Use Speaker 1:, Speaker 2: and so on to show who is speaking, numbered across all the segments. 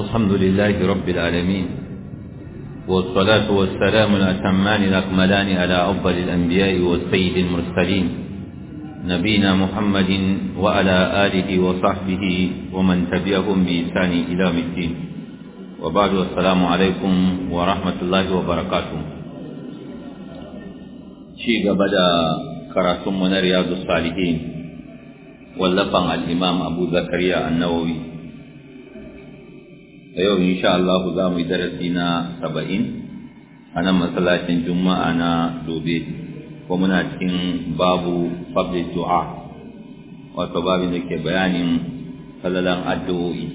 Speaker 1: الحمد لله رب العالمين والصلاة والسلام الأتمان الأكملان على أفضل الأنبياء والسيد المرسلين نبينا محمد وعلى آله وصحبه ومن تبعهم بإحسان إلى الدين وبعد السلام عليكم ورحمة الله وبركاته شيخ بدأ كراتم من رياض الصالحين واللفن الإمام أبو زكريا النووي da yau insha Allah za mu yi darasi na saba'in a nan masallacin juma'a na dobe ko muna cikin babu fadlid du'a wato babin da ke bayanin falalan addu'o'i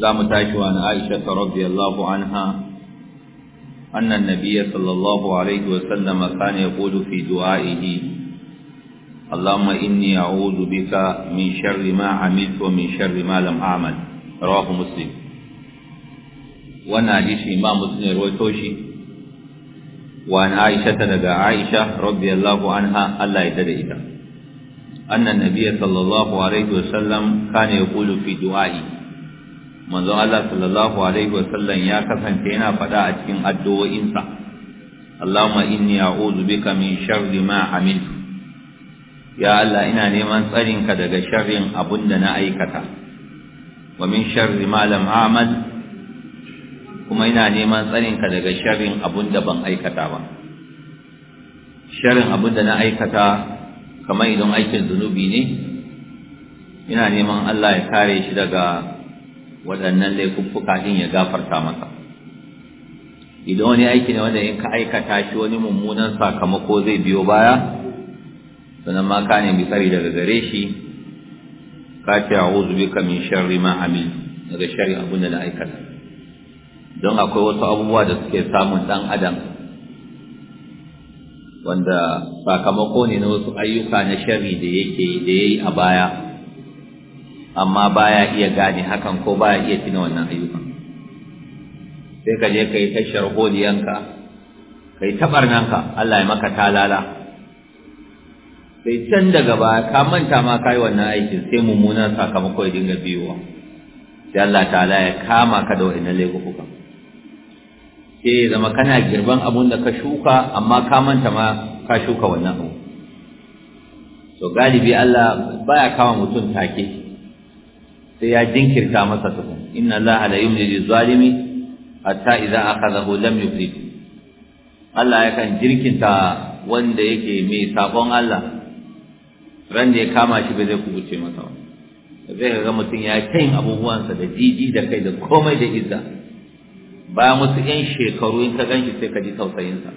Speaker 1: za mu tashi wa na Aisha radiyallahu anha أن النبي صلى الله عليه وسلم كان يقول في دعائه inni إني أعوذ بك من شر ما عملت min شر ما لم أعمل rawahu muslim wannan hadisi imam muslim rawaito shi wa an aisha daga aisha radiyallahu anha Allah ya dade ita anna nabiyya sallallahu alaihi wa wasallam kana yaqulu fi du'a'i manzo Allah sallallahu alaihi wa sallam, ya kasance yana faɗa a cikin addu'o'insa Allahumma inni a'udhu bika min sharri ma amiltu ya Allah ina neman tsarinka daga sharrin abun da na aikata wa min sharri ma lam a'mal kuma ina neman ka daga sharrin abun da ban aikata ba sharrin abun da na aikata kamar idan aikin zunubi ne ina neman Allah ya kare shi daga waɗannan laifuffuka din ya gafarta masa idan wani aiki ne wanda in ka aikata shi wani mummunan sakamako zai biyo baya sannan ma ka nemi tsari daga gare shi ka ce bi ka min sharri ma amil daga sharri abun da na aikata don akwai wasu abubuwa da suke samun dan adam wanda sakamako ne na wasu ayyuka na shari da yake da yayi a baya amma baya iya gane hakan ko baya iya tina wannan ayyukan sai ka je ka yi ta sharholiyanka ka yi nanka. Allah ya maka talala sai can daga baya ka manta ma kai wannan aikin sai mummunan sakamako ya dinga biyowa sai Allah ta'ala ya kama ka da wannan laifuka sai zama kana girban abun da ka shuka amma ka manta ma ka shuka wannan abu to galibi Allah baya kama mutum take sai ya jinkirta masa tukun inna la ala yumli zalimi hatta idza akhadahu lam yufid Allah yakan jirkinta wanda yake mai sabon Allah ran da ya kama shi bai zai kubuce masa ba zai ga mutum ya ta yin abubuwansa da jiji da kai da komai da izza ba musu yan shekaru in ka gan shi sai ka ji tausayinsa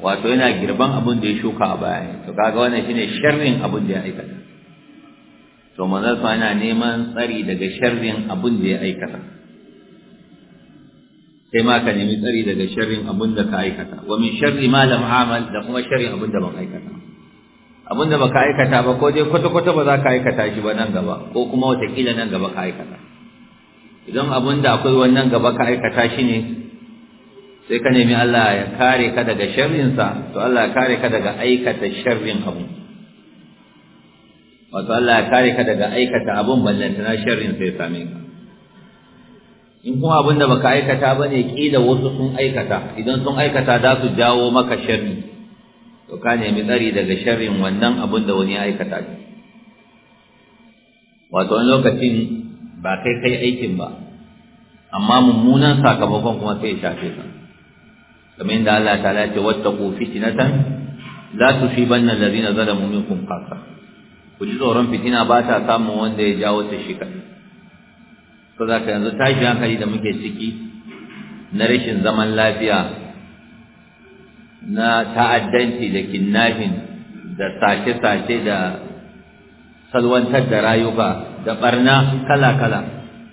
Speaker 1: wato yana girban abin da ya shuka a baya to kaga wannan shine sharrin abin da ya aikata to manzon sa yana neman tsari daga sharrin abin da ya aikata sai ma ka nemi tsari daga sharrin abin da ka aikata wa min sharri ma lam amal da kuma sharrin abin da ban aikata abinda baka aikata ba ko dai kwata-kwata ba za ka aikata shi ba nan gaba ko kuma watakila nan gaba ka aikata idan abinda akwai wannan gaba ka aikata shi ne sai ka nemi Allah ya kare ka daga sharrinsa to Allah ya kare ka daga aikata sharrin abu wato Allah ya kare ka daga aikata abun na sharrin sai same ka in kuma abinda baka aikata ba ne kila wasu sun aikata idan sun aikata za su jawo maka sharri to ka nemi tsari daga sharrin wannan abin da wani ya aikata shi wato wani lokacin ba kai kai aikin ba amma mummunan sakamakon kuma sai ya shafe ka kamar yadda Allah ta za su fi ban nan lalina zara mummin kun khassa ku ji tsoron fitina ba ta samun wanda ya jawo ta shi kan ko za ka yanzu tashi hankali da muke ciki na rashin zaman lafiya na ta'addanci da kinnahin da sace-sace da salwantar da rayuka da barna kala-kala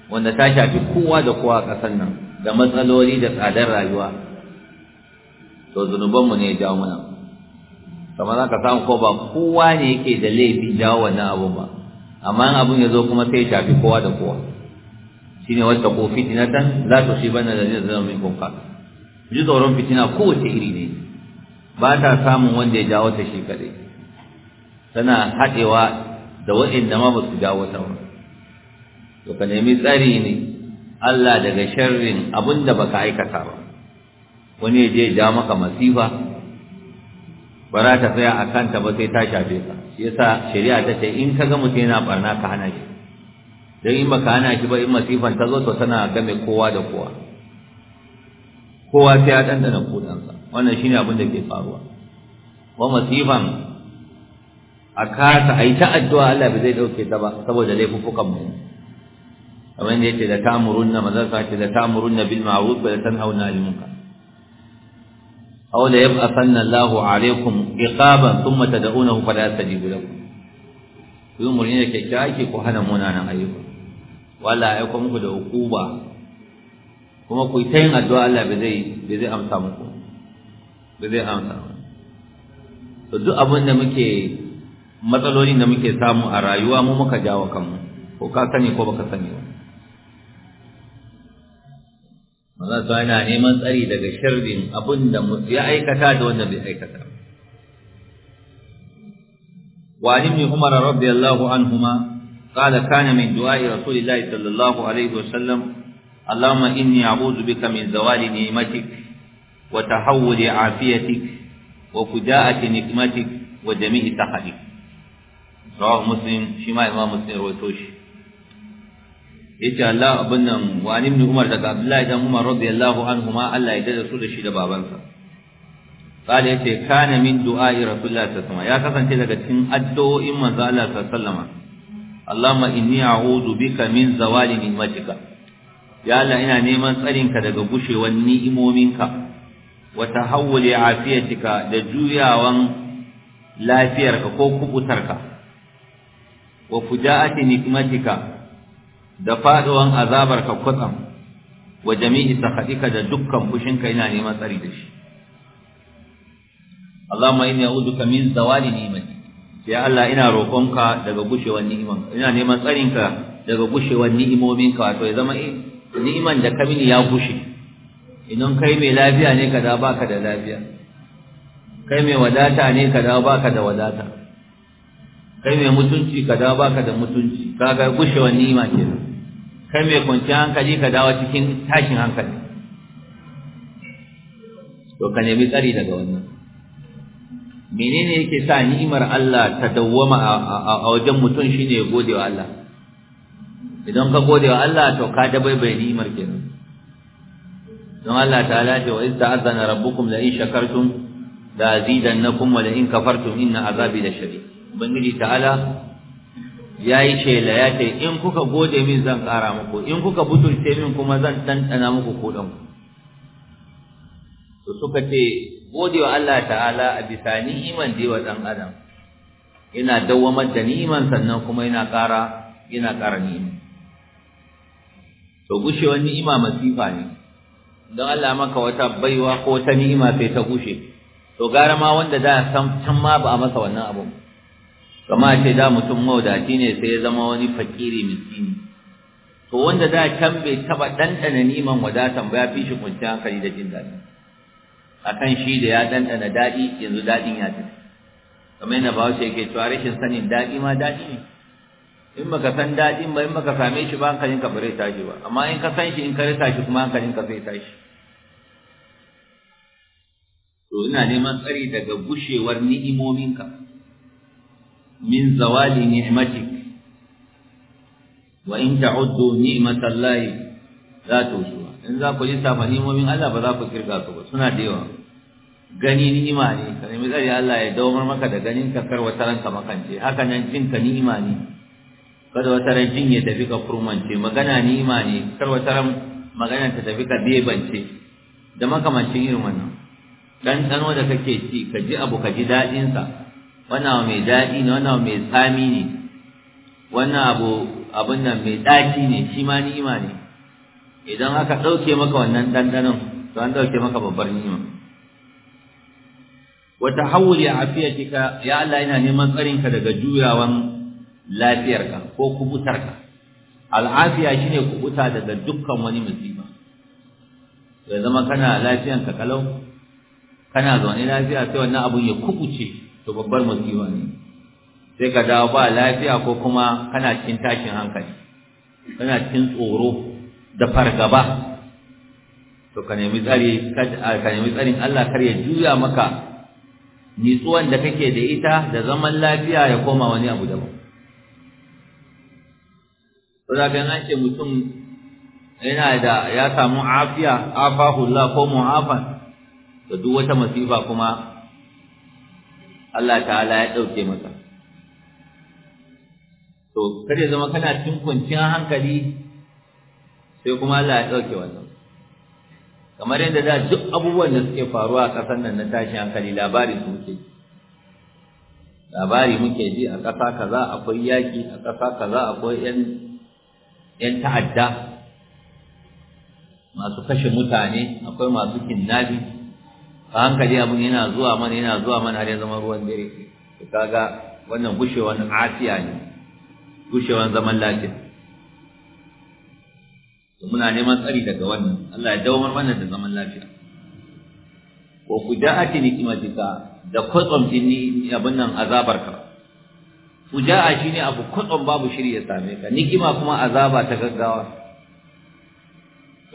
Speaker 1: wanda ta shafi kowa da kowa a ƙasar nan da matsaloli da tsadar rayuwa to zunubanmu ne ya jawo mana, kamar aka samu ko ba kowa ne yake da laifin jawo wannan abu ba amma abin ya zo kuma sai ya shafi kowa da kowa Shi ne wata ko fitinatan la da zai zama minkum kuka ji tsoron fitina kowace iri ne ba ta samun wanda ya jawo ta shi kaɗai tana haɗewa da waɗanda ma ba su jawo ta ba to ka nemi tsari ne Allah daga sharrin abin da baka aikata ba wani ya je ja maka masifa ba za ta tsaya a kanta ba sai ta shafe ka shi yasa shari'a ta ce in ka ga mutum yana barna ka hana shi don in baka hana shi ba in masifan ta zo to tana game kowa da kowa kowa sai ya ɗanɗana kuɗansa wannan shine abin da ke faruwa wa masifan akata ai ta addu'a Allah bai zai dauke ta ba saboda laifukan mu kamar da yake da tamurunna maza ce da tamurunna bil ma'ruf wa tanhauna 'anil munkar aw la yab'athanna Allahu 'alaykum iqaban thumma tad'unahu fala yastajibu lakum ku umurni da kyakkyaki ko hana munana ayyuka wala aiko muku da hukuba kuma ku yi tayin addu'a Allah bai zai amsa muku ba zai amsa ba duk abin da muke matsalolin da muke samu a rayuwa mu muka jawo kanmu ko ka sani ko baka sani ba maza su yana neman tsari daga shirin abin da ya aikata da wanda bai aikata ba وعن ابن عمر رضي الله عنهما قال كان من دعاء رسول الله صلى الله عليه وسلم اللهم إني أعوذ بك من زوال نعمتك وتحول عافيتك وفداءة نقمتك وجميع سخطك رواه مسلم شما امام مسلم رويتوش yace Allah abin nan wa ibn Umar daga Abdullahi dan Umar radiyallahu anhuma Allah ya dade su da shi da babansa قال yace kana min du'a, rasulullah sallallahu alaihi wasallam ya kasance daga cikin addu'o'in manzo Allah sallallahu alaihi wasallam Allahumma inni a'udhu bika min zawali ni'matika ya Allah ina neman tsaninka ka daga gushewar ni'imominka wa tahawuli afiyatika da juyawan lafiyarka ko kubutarka wa fujaati nikmatika da faduwan azabarka kwatsam wa jami'i sakhatika da dukkan fushinka ina neman tsari da shi Allahumma inni a'udhuka min zawali ni'mati ya Allah ina roƙonka daga gushewar ni'iman ina neman tsarinka daga gushewar ni'imominka wato ya zama da kamini ya bushe. idan kai mai lafiya ne ka baka da lafiya kai mai wadata ne ka baka da wadata kai mai mutunci ka baka da mutunci kaga gushewar ni'ima ke kai mai kwanciyar hankali ka dawo cikin tashin hankali to ka nemi tsari daga wannan menene yake sa ni'imar Allah ta dawwama a wajen mutum shine gode wa Allah idan ka gode wa Allah to ka dabaibaye ni'imar kenan don Allah ta'ala ce wa idza azana rabbukum la in shakartum la azidannakum wa la in kafartum inna azabi la shadid ubangiji ta'ala yayi shela ya ce in kuka gode min zan kara muku in kuka butulce min kuma zan tantana muku kodan to suka ce gode wa Allah ta'ala a bisa ni'iman da wa dan adam yana dawwamar da ni'iman sannan kuma yana ƙara yana ƙara ni'ima to gushewar ni'ima masifa ne don Allah maka wata baiwa ko ta ni'ima sai ta gushe to gara ma wanda da san can ma ba a masa wannan abu kama ce da mutum maudaci ne sai ya zama wani fakiri miskini to wanda da can bai taba dandana niman wadatan ba ya fi shi kwanciyar hankali da jin daɗi akan shi da ya dandana daɗi yanzu daɗin ya tafi kamar yadda bahaushe yake cewa rashin sanin daɗi ma daɗi ne in baka san daɗin ba in baka same shi ba hankalin ka bare tashi ba amma in ka san shi in ka rasa shi kuma hankalin ka zai tashi to ina neman tsari daga gushewar ni'imominka min zawali ni'matik wa in ta'uddu ni'matallahi ta tuhsuha in za ku lissafa ni'imomin Allah ba za ku kirga su ba suna da yawa gani ni'ima ne ka nemi tsari Allah ya dawo maka da ganin ka kar wata ranka makance haka nan jin ka ni'ima ne kada wata ran jin ya tafi ka furmance magana ni ne kar wata ran magana ta tafi ka bance da makamancin irin wannan dan tsano da kake ci ka ji abu ka ji daɗin sa wannan mai daɗi ne wannan mai tsami ne wannan abu abun nan mai ɗaci ne shi ma ni ne idan aka ɗauke maka wannan ɗanɗanon to an ɗauke maka babbar ni'ima wa tahawuli afiyatika ya Allah ina neman tsarinka daga juyawan lafiyarka ko kubutarka al'afiya shine kubuta daga dukkan wani musiba ya zama kana lafiyanka kalau kana zaune lafiya sai wannan abun ya kubuce to babbar musiba ne sai ka dawo ba lafiya ko kuma kana cikin tashin hankali kana cikin tsoro da fargaba to ka nemi tsari ka nemi tsarin Allah kar ya juya maka nitsuwan da kake da ita da zaman lafiya ya koma wani abu daban saboda kan an ce mutum yana da ya samu afiya afahu Allah ko mu'afan da duk wata masifa kuma Allah ta'ala ya ɗauke masa to kar ya zama kana cin kwanciyar hankali sai kuma Allah ya ɗauke wannan kamar yadda da duk abubuwan da suke faruwa a ƙasar nan na tashin hankali labari su muke labari muke ji a ƙasa kaza akwai yaƙi a ƙasa kaza akwai 'yan 'yan ta'adda masu kashe mutane akwai masu kinnabi a hankali abin yana zuwa mana yana zuwa mana har ya zama ruwan dare to kaga wannan gushewan asiya ne gushewan zaman lafiya to muna neman tsari daga wannan Allah ya dawo mana da zaman lafiya Ko ku wa ni nikmatika da kwatsam ni abin nan azabar fuja'a shine abu kutsun babu shiri ya same ka ni'ima kuma azaba ta gaggawa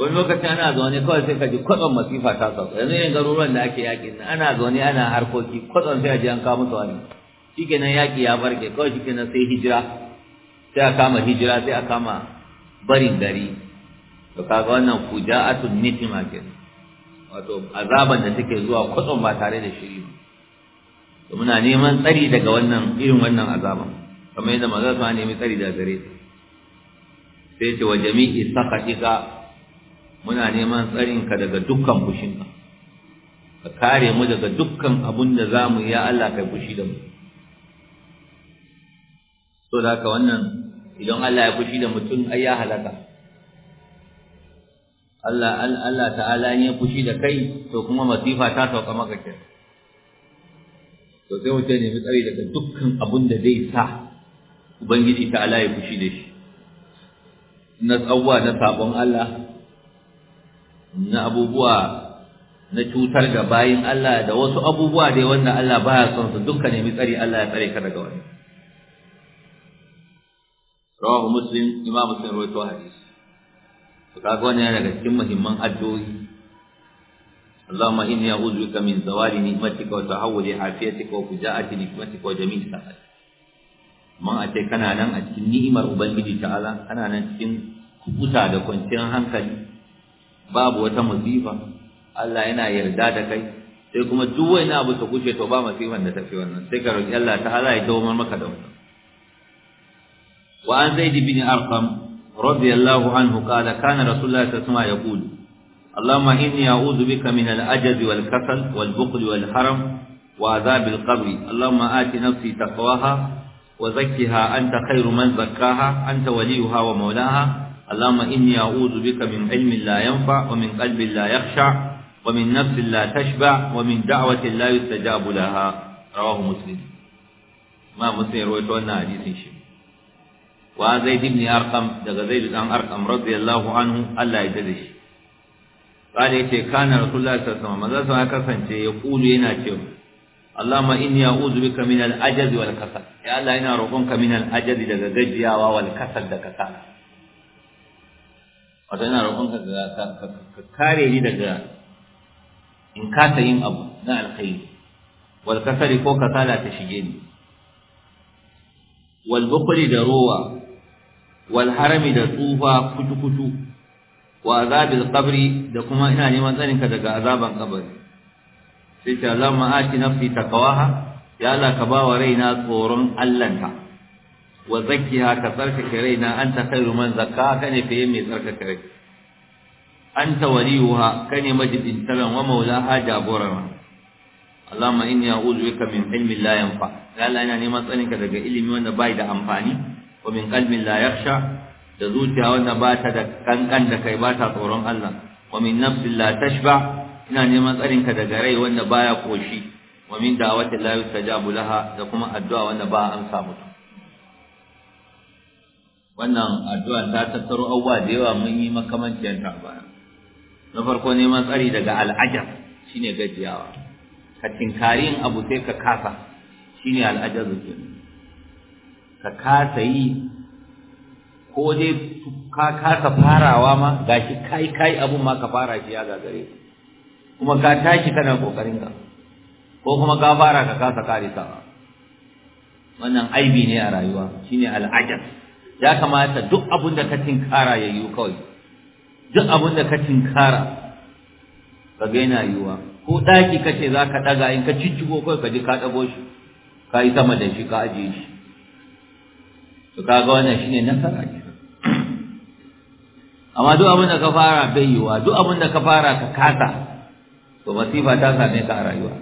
Speaker 1: wani lokaci ana zaune kawai sai ka ji kutsun masifa ta sauka yanzu yin garuruwan da ake yaƙi ana zaune ana harkoki kutsun sai a ji an kawo musu wani shikenan yaƙi ya barke kawai shikenan sai hijira sai a kama hijira sai a kama barin gari to kaga wannan kuja'atun ni'ima kenan wato azaban da take zuwa kutsun ba tare da shiri ba to muna neman tsari daga wannan irin wannan azaba kamar yadda maza su nemi tsari daga gare ta sai ce wa jami'i sakatika muna neman tsarinka daga dukkan fushinka ka kare mu daga dukkan abun da za mu ya Allah kai fushi da mu to da haka wannan idan Allah ya fushi da mutum ai ya halaka Allah Allah ta'ala ne fushi da kai to kuma masifa ta sauka maka kenan to sai mutum ya nemi tsari daga dukkan abun da zai sa ubangiji ta ala ya fushi da shi na tsawwa na sabon Allah na abubuwa na cutar da bayin Allah da wasu abubuwa dai wanda Allah baya son su dukkan nemi tsari Allah ya tsare ka daga wani rawahu muslim imam muslim rawaito hadisi to kaga wannan yana daga cikin muhimman addu'o'i اللهم إني أعوذ بك من زوال نعمتك وتحول عافيتك وفجاءة نقمتك وجميع سخطك ما أتي كان أنا أتكن نعمة أبنجي تعالى كان أنا أتكن كبوتا دكون تيران هنكلي باب وتمزيفة الله أنا يردادك sai kuma duk wani abu ta kushe ta ba masifan da tafi wannan sai ka roki Allah ta'ala ya dawo maka da wannan wa an zaid bin arqam radiyallahu anhu qala kana rasulullahi sallallahu alaihi اللهم إني أعوذ بك من العجز والكسل والبخل والحرم وعذاب القبر اللهم آت نفسي تقواها وزكها أنت خير من زكاها أنت وليها ومولاها اللهم إني أعوذ بك من علم لا ينفع ومن قلب لا يخشع ومن نفس لا تشبع ومن دعوة لا يستجاب لها رواه مسلم ما مسلم رويت ولا حديث شيء وزيد بن أرقم زيد بن أرقم رضي الله عنه ألا يدرش قال يتي كان رسول الله صلى الله عليه وسلم ماذا سوى كسنتي يقول ينا تيوم اللهم إني أعوذ بك من العجز والكسل يا الله إنا رقمك من العجز دقا جيا والكسل دقا كسل wato ina roƙonka ka kare ni daga in kasa yin abu na alkhairi wal kasari ko kasala ta shige ni wal bukhli da rowa wal harami da tsufa kutu kutu wa azabil qabri da kuma ina neman tsarin ka daga azaban kabari sai ta Allahumma ati nafsi taqwaha ya Allah ka bawa raina tsoron Allahnka wa zakkiha ka tsarkake raina anta khairu man zakka kane fiye mai tsarkake rai anta waliyuha kane majidin talan wa maulaha jagoran Allahumma inni a'udhu bika min ilmin la yanfa ya Allah ina neman tsarin ka daga ilimi wanda bai da amfani wa min qalbin la yakhsha da zuciya wanda ba ta da kankan da kai ba ta tsoron Allah wa min nafsin la tashba ina neman tsarin ka daga rai wanda baya koshi wa min da'awati la yustajabu laha da kuma addu'a wanda ba an samu wannan addu'a ta tattaro abubuwa da yawa mun yi makamanciyar ta ba na farko neman tsari daga al'ajab shine gajiyawa ka tinkarin abu sai ka kasa shine al'ajab kenan ka kasa yi ko dai ka kasa farawa ma gashi kai kai abun ma ka fara shi ya gagare kuma ka tashi kana kokarin ka ko kuma ka fara ka kasa karisa wannan aibi ne a rayuwa shine al'ajab ya kamata duk abun da ka tinkara yiwu kawai duk abun da ka tinkara ka ga yana yiwa ko daki kace zaka daga in ka ciccigo kai ka ji ka dago shi ka yi sama da shi ka ajiye shi to kaga wannan shine nasara amma duk abin da ka fara bai duk abin da ka fara ka kasa to masifa ta same ka a rayuwa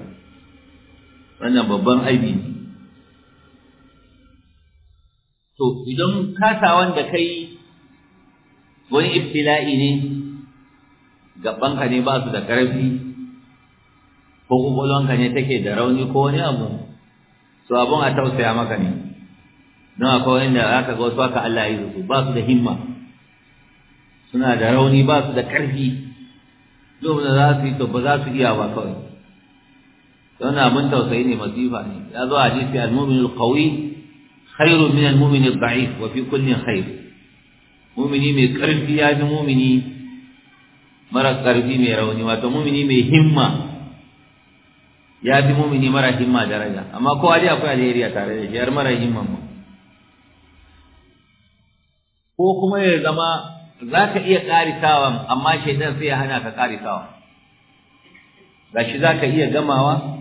Speaker 1: wannan babban aibi ne to idan kasa kasawan da yi wani ibtila'i ne gabanka ne ba su da ƙarfi ko ƙwaƙwalwanka ne take da rauni ko wani abu to abun a tausaya maka ne don akwai wanda za ka ga wasu haka Allah ya yi su ba su da himma suna da rauni ba su da ƙarfi lokacin da za su yi to ba za su iya ba kawai wannan abin tausayi ne masifa ne ya zo hadisi al-mu'min al-qawi khairun min al-mu'min al-da'if wa fi kulli khair mu'mini mai ƙarfi ya fi mu'mini mara ƙarfi mai rauni wato mu'mini mai himma ya fi mu'mini mara himma daraja amma kowa dai akwai alheri a tare da shi har mara himma ko kuma ya zama za ka iya ƙarisawa amma shaidan sai ya hana ka ƙarisawa ga shi za ka iya gamawa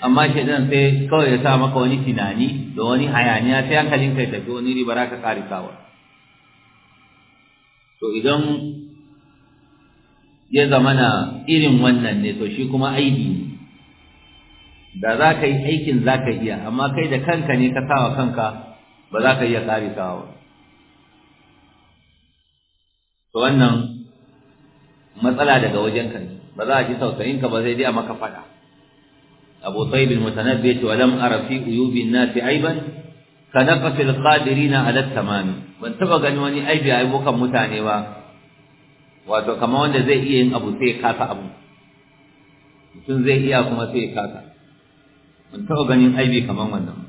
Speaker 1: amma shaidan sai kawai ya sa maka wani tunani da wani hayaniya sai hankalin kai tafi wani riba ka ƙarisawa to idan ya zamana irin wannan ne to shi kuma aibi ne da za ka yi aikin za ka iya amma kai da kanka ne ka sawa kanka ba za ka iya ƙarisawa ba to wannan matsala daga wajen ka ba za a ji tausayin ka ba sai dai a maka fada abu tayyib al-mutanabbi wa lam ara fi uyubin nas aiban ka naqsi al-qadirina ala tamam ban taba gani wani aibi a ayyukan mutane ba wato kamar wanda zai iya yin abu sai ya kasa abu mutum zai iya kuma sai ya kasa ban taba ganin aibi kamar wannan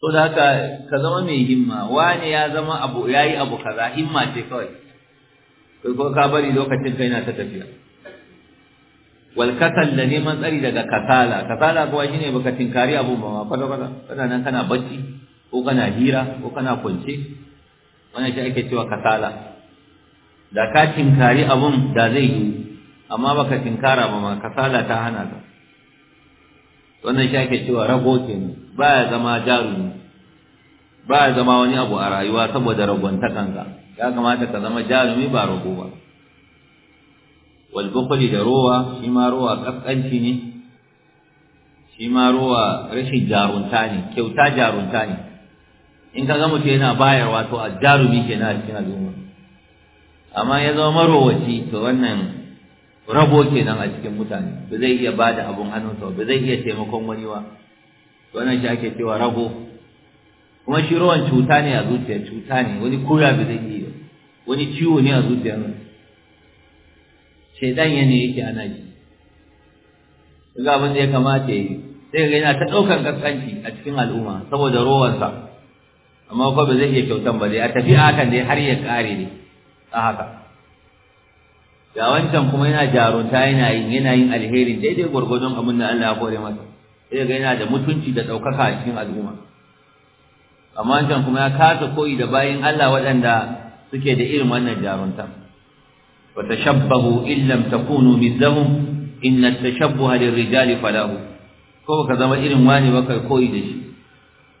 Speaker 1: so da haka ka zama mai himma wani ya zama abu yi abu kaza himma ce kawai kai ko ka bari lokacin kai na ta tafiya wal kasal da neman tsari daga kasala kasala kuwa shine baka tinkari abu ba ma kwata kwata kana nan kana bacci ko kana hira ko kana kwance wannan shi ake cewa kasala da ka tinkari abun da zai yi amma baka tinkara ba ma kasala ta hana ka wannan shi ake cewa rago kenan ba ya zama jarumi ba ya zama wani abu a rayuwa saboda kanka ya kamata ka zama jarumi ba rago ba walbukuli da rowa shi ma rowa kaskanci ne shi ma rowa rashin jarunta ne kyauta jarunta ne in ka gama ce yana bayarwa to a jarumi ke na cikin al'umma amma ya zama marowaci to wannan rabo kenan a cikin mutane ba zai iya bada abun hannunsa ba zai iya taimakon wani ba wannan shi ake cewa rabo kuma shi rawan cuta ne a zuciya cuta ne wani koya ba zai iya wani ciwo ne a zuciya shaidan ya ne yake ana ji daga abin da ya kamata ya yi sai ga yana ta ɗaukar kaskanci a cikin al'umma saboda rowansa amma ko ba zai iya kyautan ba dai a tafi hakan dai har ya ƙare ne a haka ga wancan kuma yana jarunta yana yin yana yin alheri daidai gwargwadon abin da Allah ya kore masa sai ga yana da mutunci da ɗaukaka a cikin al'umma amma wancan kuma ya kasa koyi da bayin Allah waɗanda suke da irin wannan jarunta wa tashabbahu in lam takunu mithlahum inna tashabbuha lirrijali falahu ko ka zama irin wani ba kai koyi da shi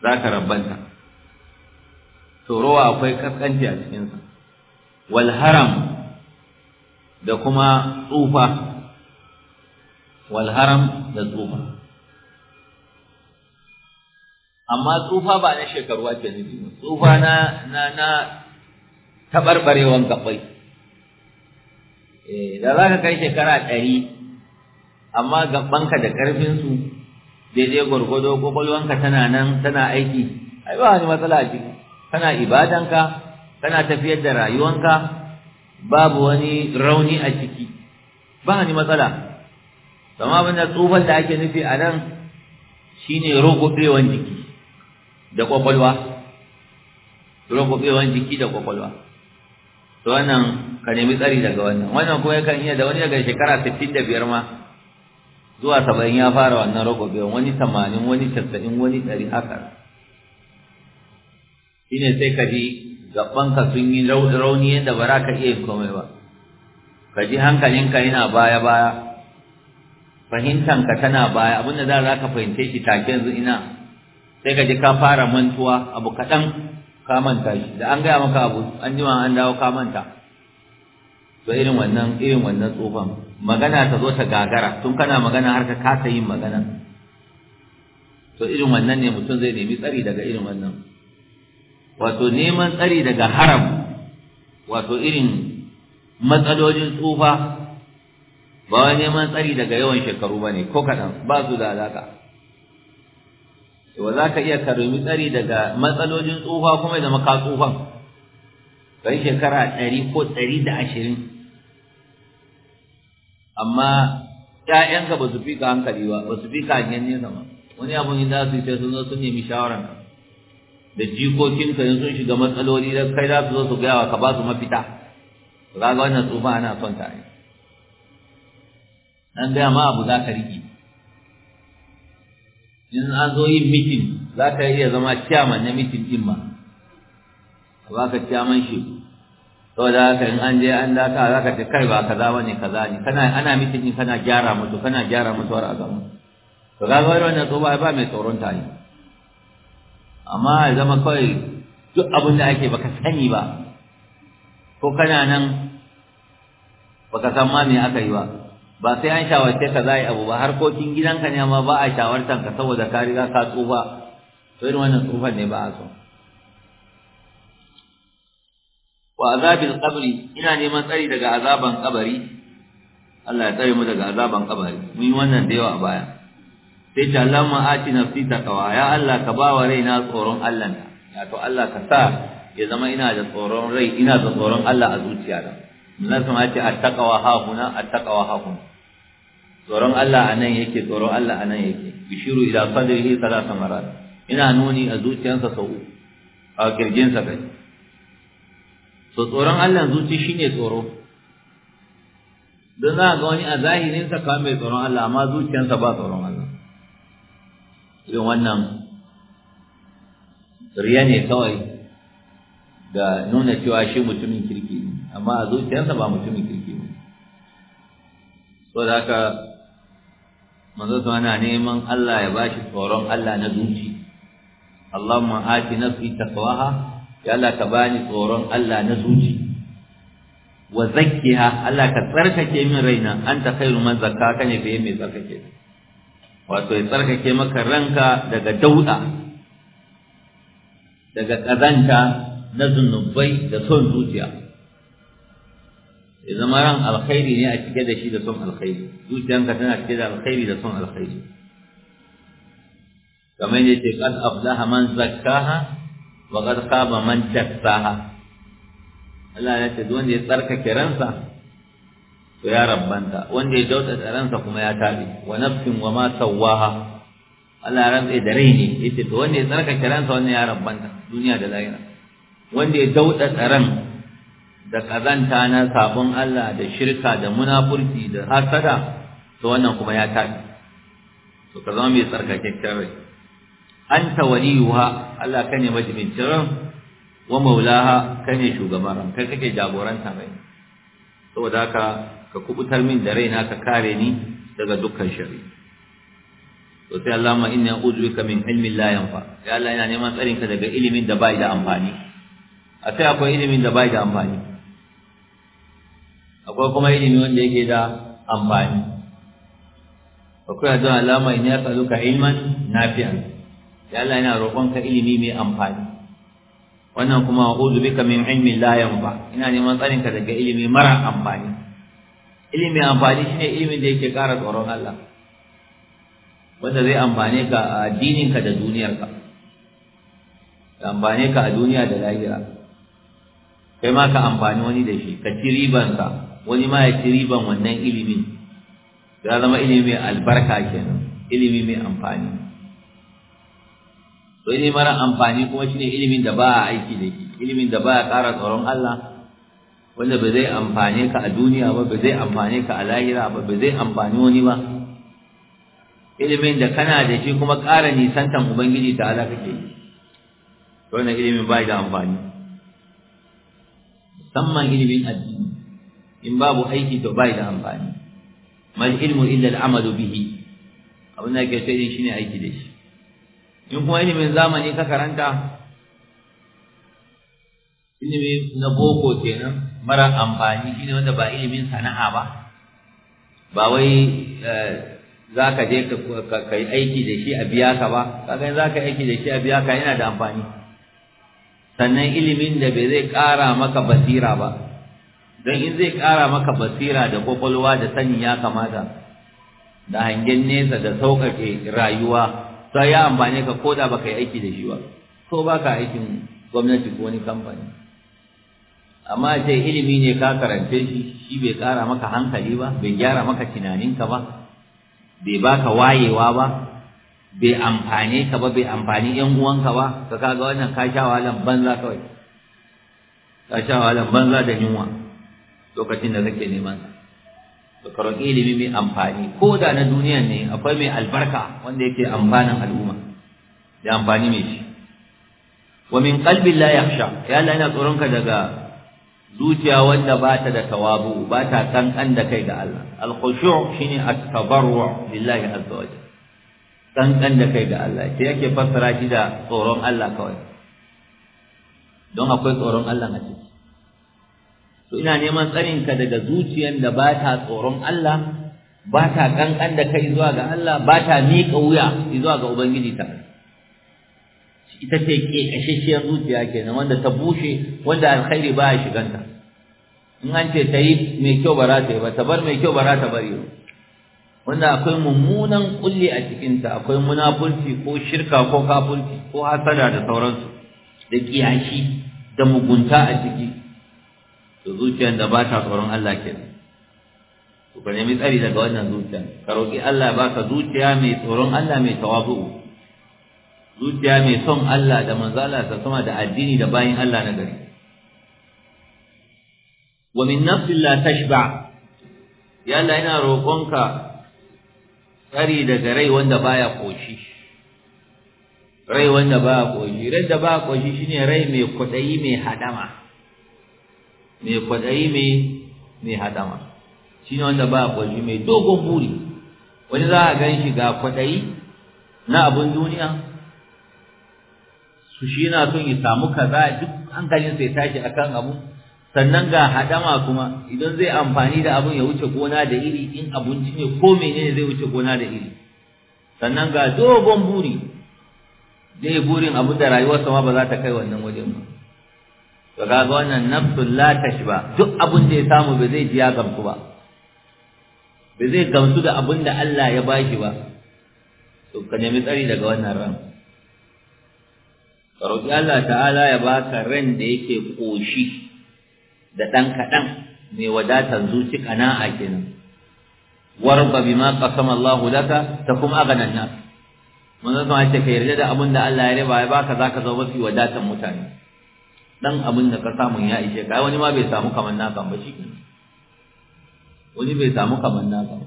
Speaker 1: zaka rabbanta to rawa akwai kaskanci a cikin wal haram da kuma tsufa walharam da tsufa amma tsufa ba na shekaru ake nufi ba tsufa na na na tabarbarewan gabai eh da zaka kai shekara ɗari, amma gabanka da karfin su daidai gwargwado kwakwalwanka tana nan tana aiki ai ba wani matsala a ciki kana ibadanka kana tafiyar da rayuwanka babu wani rauni a ciki ba ni matsala amma abin tsufan da ake nufi a nan shine rogobewan jiki da kwakwalwa rogobewan jiki da kwakwalwa to wannan ka nemi tsari daga wannan wannan kuma yakan iya da wani daga shekara sittin da biyar ma zuwa saba'in ya fara wannan rogobewan wani tamanin wani casa'in wani ɗari haka shine sai ka ji gabanka sun yi rauni yadda ba za ka iya yin komai ba ka ji hankalinka yana baya baya fahimtanka tana baya abinda da za ka fahimce shi take yanzu ina sai ka ji ka fara mantuwa abu kaɗan ka manta shi da an gaya maka abu an jima an dawo ka manta to irin wannan irin wannan tsofan magana ta zo ta gagara tun kana magana har ka kasa yin magana to irin wannan ne mutum zai nemi tsari daga irin wannan wato neman tsari daga haram wato irin matsalolin tsufa ba wani neman tsari daga yawan shekaru ba ne ko kaɗan ba su da alaƙa wa za ka iya karumi tsari daga matsalolin tsufa kuma da maka tsufan kai shekara ɗari ko ɗari da ashirin amma ‘ya'yanka ba su fi ka hankali ba ba su fi ka hanyar nesa ba wani abun da su yi sai sun zo sun nemi shawaran da jikokinka in sun shiga matsaloli da kai za su zo su gaya wa ka ba su mafita za ga wannan tsufa ana son ta ne an gaya ma abu za ka riƙe in an zo yin mitin za ka iya zama ciyaman na mitin ɗin ma ba ka ciyaman shi saboda haka in an je an daka za ka ce kai ba kaza ba ne kaza ne kana ana mitin ɗin kana gyara mutu kana gyara mutuwar a gaban to ga wannan tsufa ba mai tsoron ta ne amma ya zama kawai duk abin da ake baka sani ba ko kana nan baka san ma me aka yi ba ba sai an shawarce ka za a yi abu ba harkokin gidanka ne amma ba a shawartan ka saboda ka riga ka tsufa to irin wannan tsufan ne ba a so wa azabil qabri ina neman tsari daga azaban kabari Allah ya tsare mu daga azaban kabari mun yi wannan da yawa a baya sai ta lamma ati nafsi taqwa ya Allah ka ba wa raina tsoron Allah na wato Allah ka sa ya zama ina da tsoron rai ina da tsoron Allah a zuciya zuciyata Allah sama ce attaqwa ha huna attaqwa ha huna tsoron Allah a anan yake tsoron Allah a anan yake bishiru ila sadrihi salasa marat ina nuni a zuciyarsa sau a kirjinsa kai so tsoron Allah zuci shine tsoro don za ga wani a zahirinsa kawai mai tsoron Allah amma zuciyarsa ba tsoro. irin wannan riya ne kawai da nuna cewa shi mutumin kirki ne amma a zuciyarsa ba mutumin kirki ne so da haka manzo ana neman Allah ya bashi tsoron Allah na zuci Allahumma ati nafsi taqwaha ya Allah ka bani tsoron Allah na zuci wa zakkiha Allah ka tsarkake min raina anta khairu man zakkaka ne fa mai tsarkake wato ya tsarkake maka ranka daga dauda daga ƙazanta na zunubai da son zuciya ya zama ran alkhairi ne a cike da shi da son alkhairi zuciyanka tana cike da alkhairi da son alkhairi kamar ne ce kad aflaha man zakkaha wa kad khaba man dassaha Allah ya ce duk wanda ya tsarkake ransa to ya rabbanta wanda ya dauta ransa kuma ya tabi wa nafsin wa ma sawaha Allah ya rantsa da rai ne yace to wanda ya tsarkake ransa wannan ya rabbanta duniya da lahira wanda ya dauta tsaran da kazanta na sabon Allah da shirka da munafurci da hasada to wannan kuma ya tabi to ka zama mai tsarkakakken rai anta waliyuha Allah kane majibincin ran wa maulaha kane shugaban ran kai kake jagoranta mai saboda haka ka kubutar min da raina ka kare ni daga dukkan shari to sai Allah ma inna uzbika min ilmin la yanfa ya Allah ina neman tsarin ka daga ilimin da bai da amfani a sai akwai ilimin da bai da amfani akwai kuma ilimi wanda yake da amfani akwai addu'a alama in ya tsaluka ilman nafi'an ya Allah ina roƙonka ilimi mai amfani wannan kuma a'udhu bika min ilmin la yanfa ina neman tsarin ka daga ilimi mara amfani ilimi amfani shine ilimin da yake ƙara tsoron Allah wanda zai amfane ka a addininka da duniyarka ka amfane ka a duniya da lahira kai ma ka amfani wani da shi ka ci ribansa wani ma ya ci riban wannan ilimin ya zama ilimi mai albarka kenan ilimi mai amfani to ilimi mara amfani kuma shine ilimin da ba a aiki da shi ilimin da ba ya ƙara tsoron Allah wanda ba zai amfane ka a duniya ba ba zai amfane ka a lahira ba ba zai amfani wani ba ilimin da kana da shi kuma ƙara nisantan ubangiji ta ala kake yi wannan ilimin ba da amfani musamman ilimin addini in babu aiki to ba da amfani mal ilmu illa al'amalu bihi abin da ke sai shine aiki da shi in kuma ilimin zamani ka karanta ilimi na boko kenan mara amfani ne wanda ba ilimin sana'a ba ba wai eh, za ka je ka yi aiki da shi a biya ka ba kaga za ka yi aiki da shi a biya ka yana da amfani sannan ilimin da bai zai ƙara maka basira ba don in zai ƙara maka basira da kwakwalwa da sani ya kamata da hangen nesa da sauƙaƙe rayuwa sai ya amfani ka ko da ka yi aiki da shi ba ko ba ka aikin gwamnati ko wani kamfani amma ce ilimi ne ka karance shi shi bai kara maka hankali ba bai gyara maka tunaninka ba bai baka wayewa ba bai amfane ka ba bai amfani yan uwanka ba ka kaga wannan ka sha wahalan banza kawai ka sha wahalan banza da yunwa lokacin da kake neman sa to ka ilimi mai amfani ko da na duniyan ne akwai mai albarka wanda yake amfanin al'umma da amfani mai shi
Speaker 2: wa min qalbi la
Speaker 1: yakhsha ya Allah ina tsoronka daga zuciya wanda ba ta da tawabu ba ta kankan da kai ga Allah al-khushu' shine at-tabarru' lillahi azza wa jalla kankan da kai ga Allah ke yake fassara shi da tsoron Allah kawai don akwai tsoron Allah a ciki to ina neman tsarin ka daga zuciyar da ba ta tsoron Allah ba ta kankan da kai zuwa ga Allah ba ta miƙa wuya zuwa ga ubangiji ta ita ce kekashishiyar zuciya kenan wanda ta bushe wanda alkhairi ba ya shiganta in an ce ta yi mai kyau ba za yi ba ta bar mai kyau ba za bari ba wanda akwai mummunan kulli a cikinta akwai munafurci ko shirka ko kafurci ko hasada da sauransu da kiyashi da mugunta a ciki to zuciyar da ba ta tsoron Allah kenan to ka nemi tsari daga wannan zuciya ka roƙi Allah ya baka zuciya mai tsoron Allah mai tawazu'u zuciya mai son Allah da manzala ta sama da addini da bayin Allah na gari wa min nafsin la tashba ya Allah ina roƙonka tsari daga rai wanda baya koshi rai wanda baya koshi rai da baya koshi shine rai mai kwadayi mai hadama mai kwadayi mai mai hadama shine wanda baya koshi mai dogon buri wani za a gan shi ga kwadayi na abun duniya su shi na son ya samu kaza duk hankalin sai tashi akan abu sannan ga hadama kuma idan zai amfani da abun ya wuce gona da iri in abinci ne ko menene zai wuce gona da iri sannan ga dogon buri ya burin abu da rayuwarsa ma ba za ta kai wannan wajen ba to ga wannan nafsul la tashba duk abun da ya samu ba zai ji ya gamsu ba ba zai gamsu da abun da Allah ya baki ba to ka nemi tsari daga wannan ran ka roƙi Allah ta'ala ya baka ran da yake koshi da ɗan kaɗan mai wadatar zuci kana'a kenan warba bima qasama Allah laka ta kuma nan. Mun zama sama ce ka yarda da abin da Allah ya riba ya baka zaka zama mafi wadatar mutane dan abin da ka samu ya ishe ka wani ma bai samu kaman naka ba shi wani bai samu kaman naka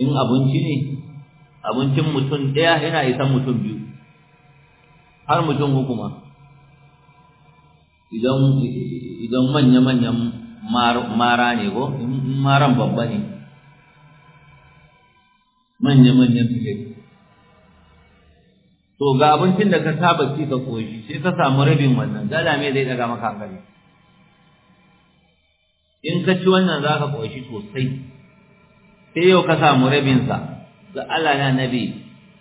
Speaker 1: in abinci ne abincin mutum ɗaya yana isan mutum biyu har mutum hukuma idan idan manya-manyan mara ne ko in maran babba ne manya-manyan fiye to ga abincin da ka saba ci ka koshi sai ka samu rabin wannan gada me zai daga maka hankali in ka ci wannan za ka koshi sosai sai yau ka samu rabinsa ga Allah na nabi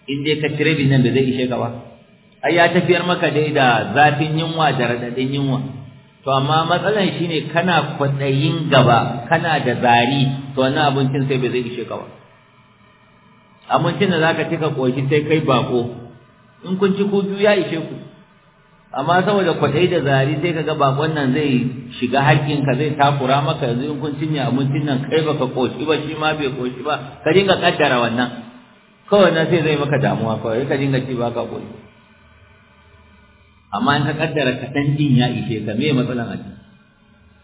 Speaker 1: in dai ka ci rabin nan da zai ishe ka ba ai ya tafiyar maka dai da zafin yunwa da radadin yunwa to amma matsalan shine kana kwatsayin gaba kana da zari to wannan abincin sai bai zai ishe ka ba abincin da zaka cika koshi sai kai bako in kun ci kuju biyu ya ishe ku amma saboda kwaɗayi da zari sai kaga bakon nan zai shiga ka, zai takura maka yanzu in kun cinye abincin nan kai baka koshi ba shi ma bai koshi ba ka dinga kaddara wannan kawai nan sai zai maka damuwa kawai ka dinga ci baka koshi amma in ka kaddara kaɗan ɗin ya ishe ka me matsalan a ciki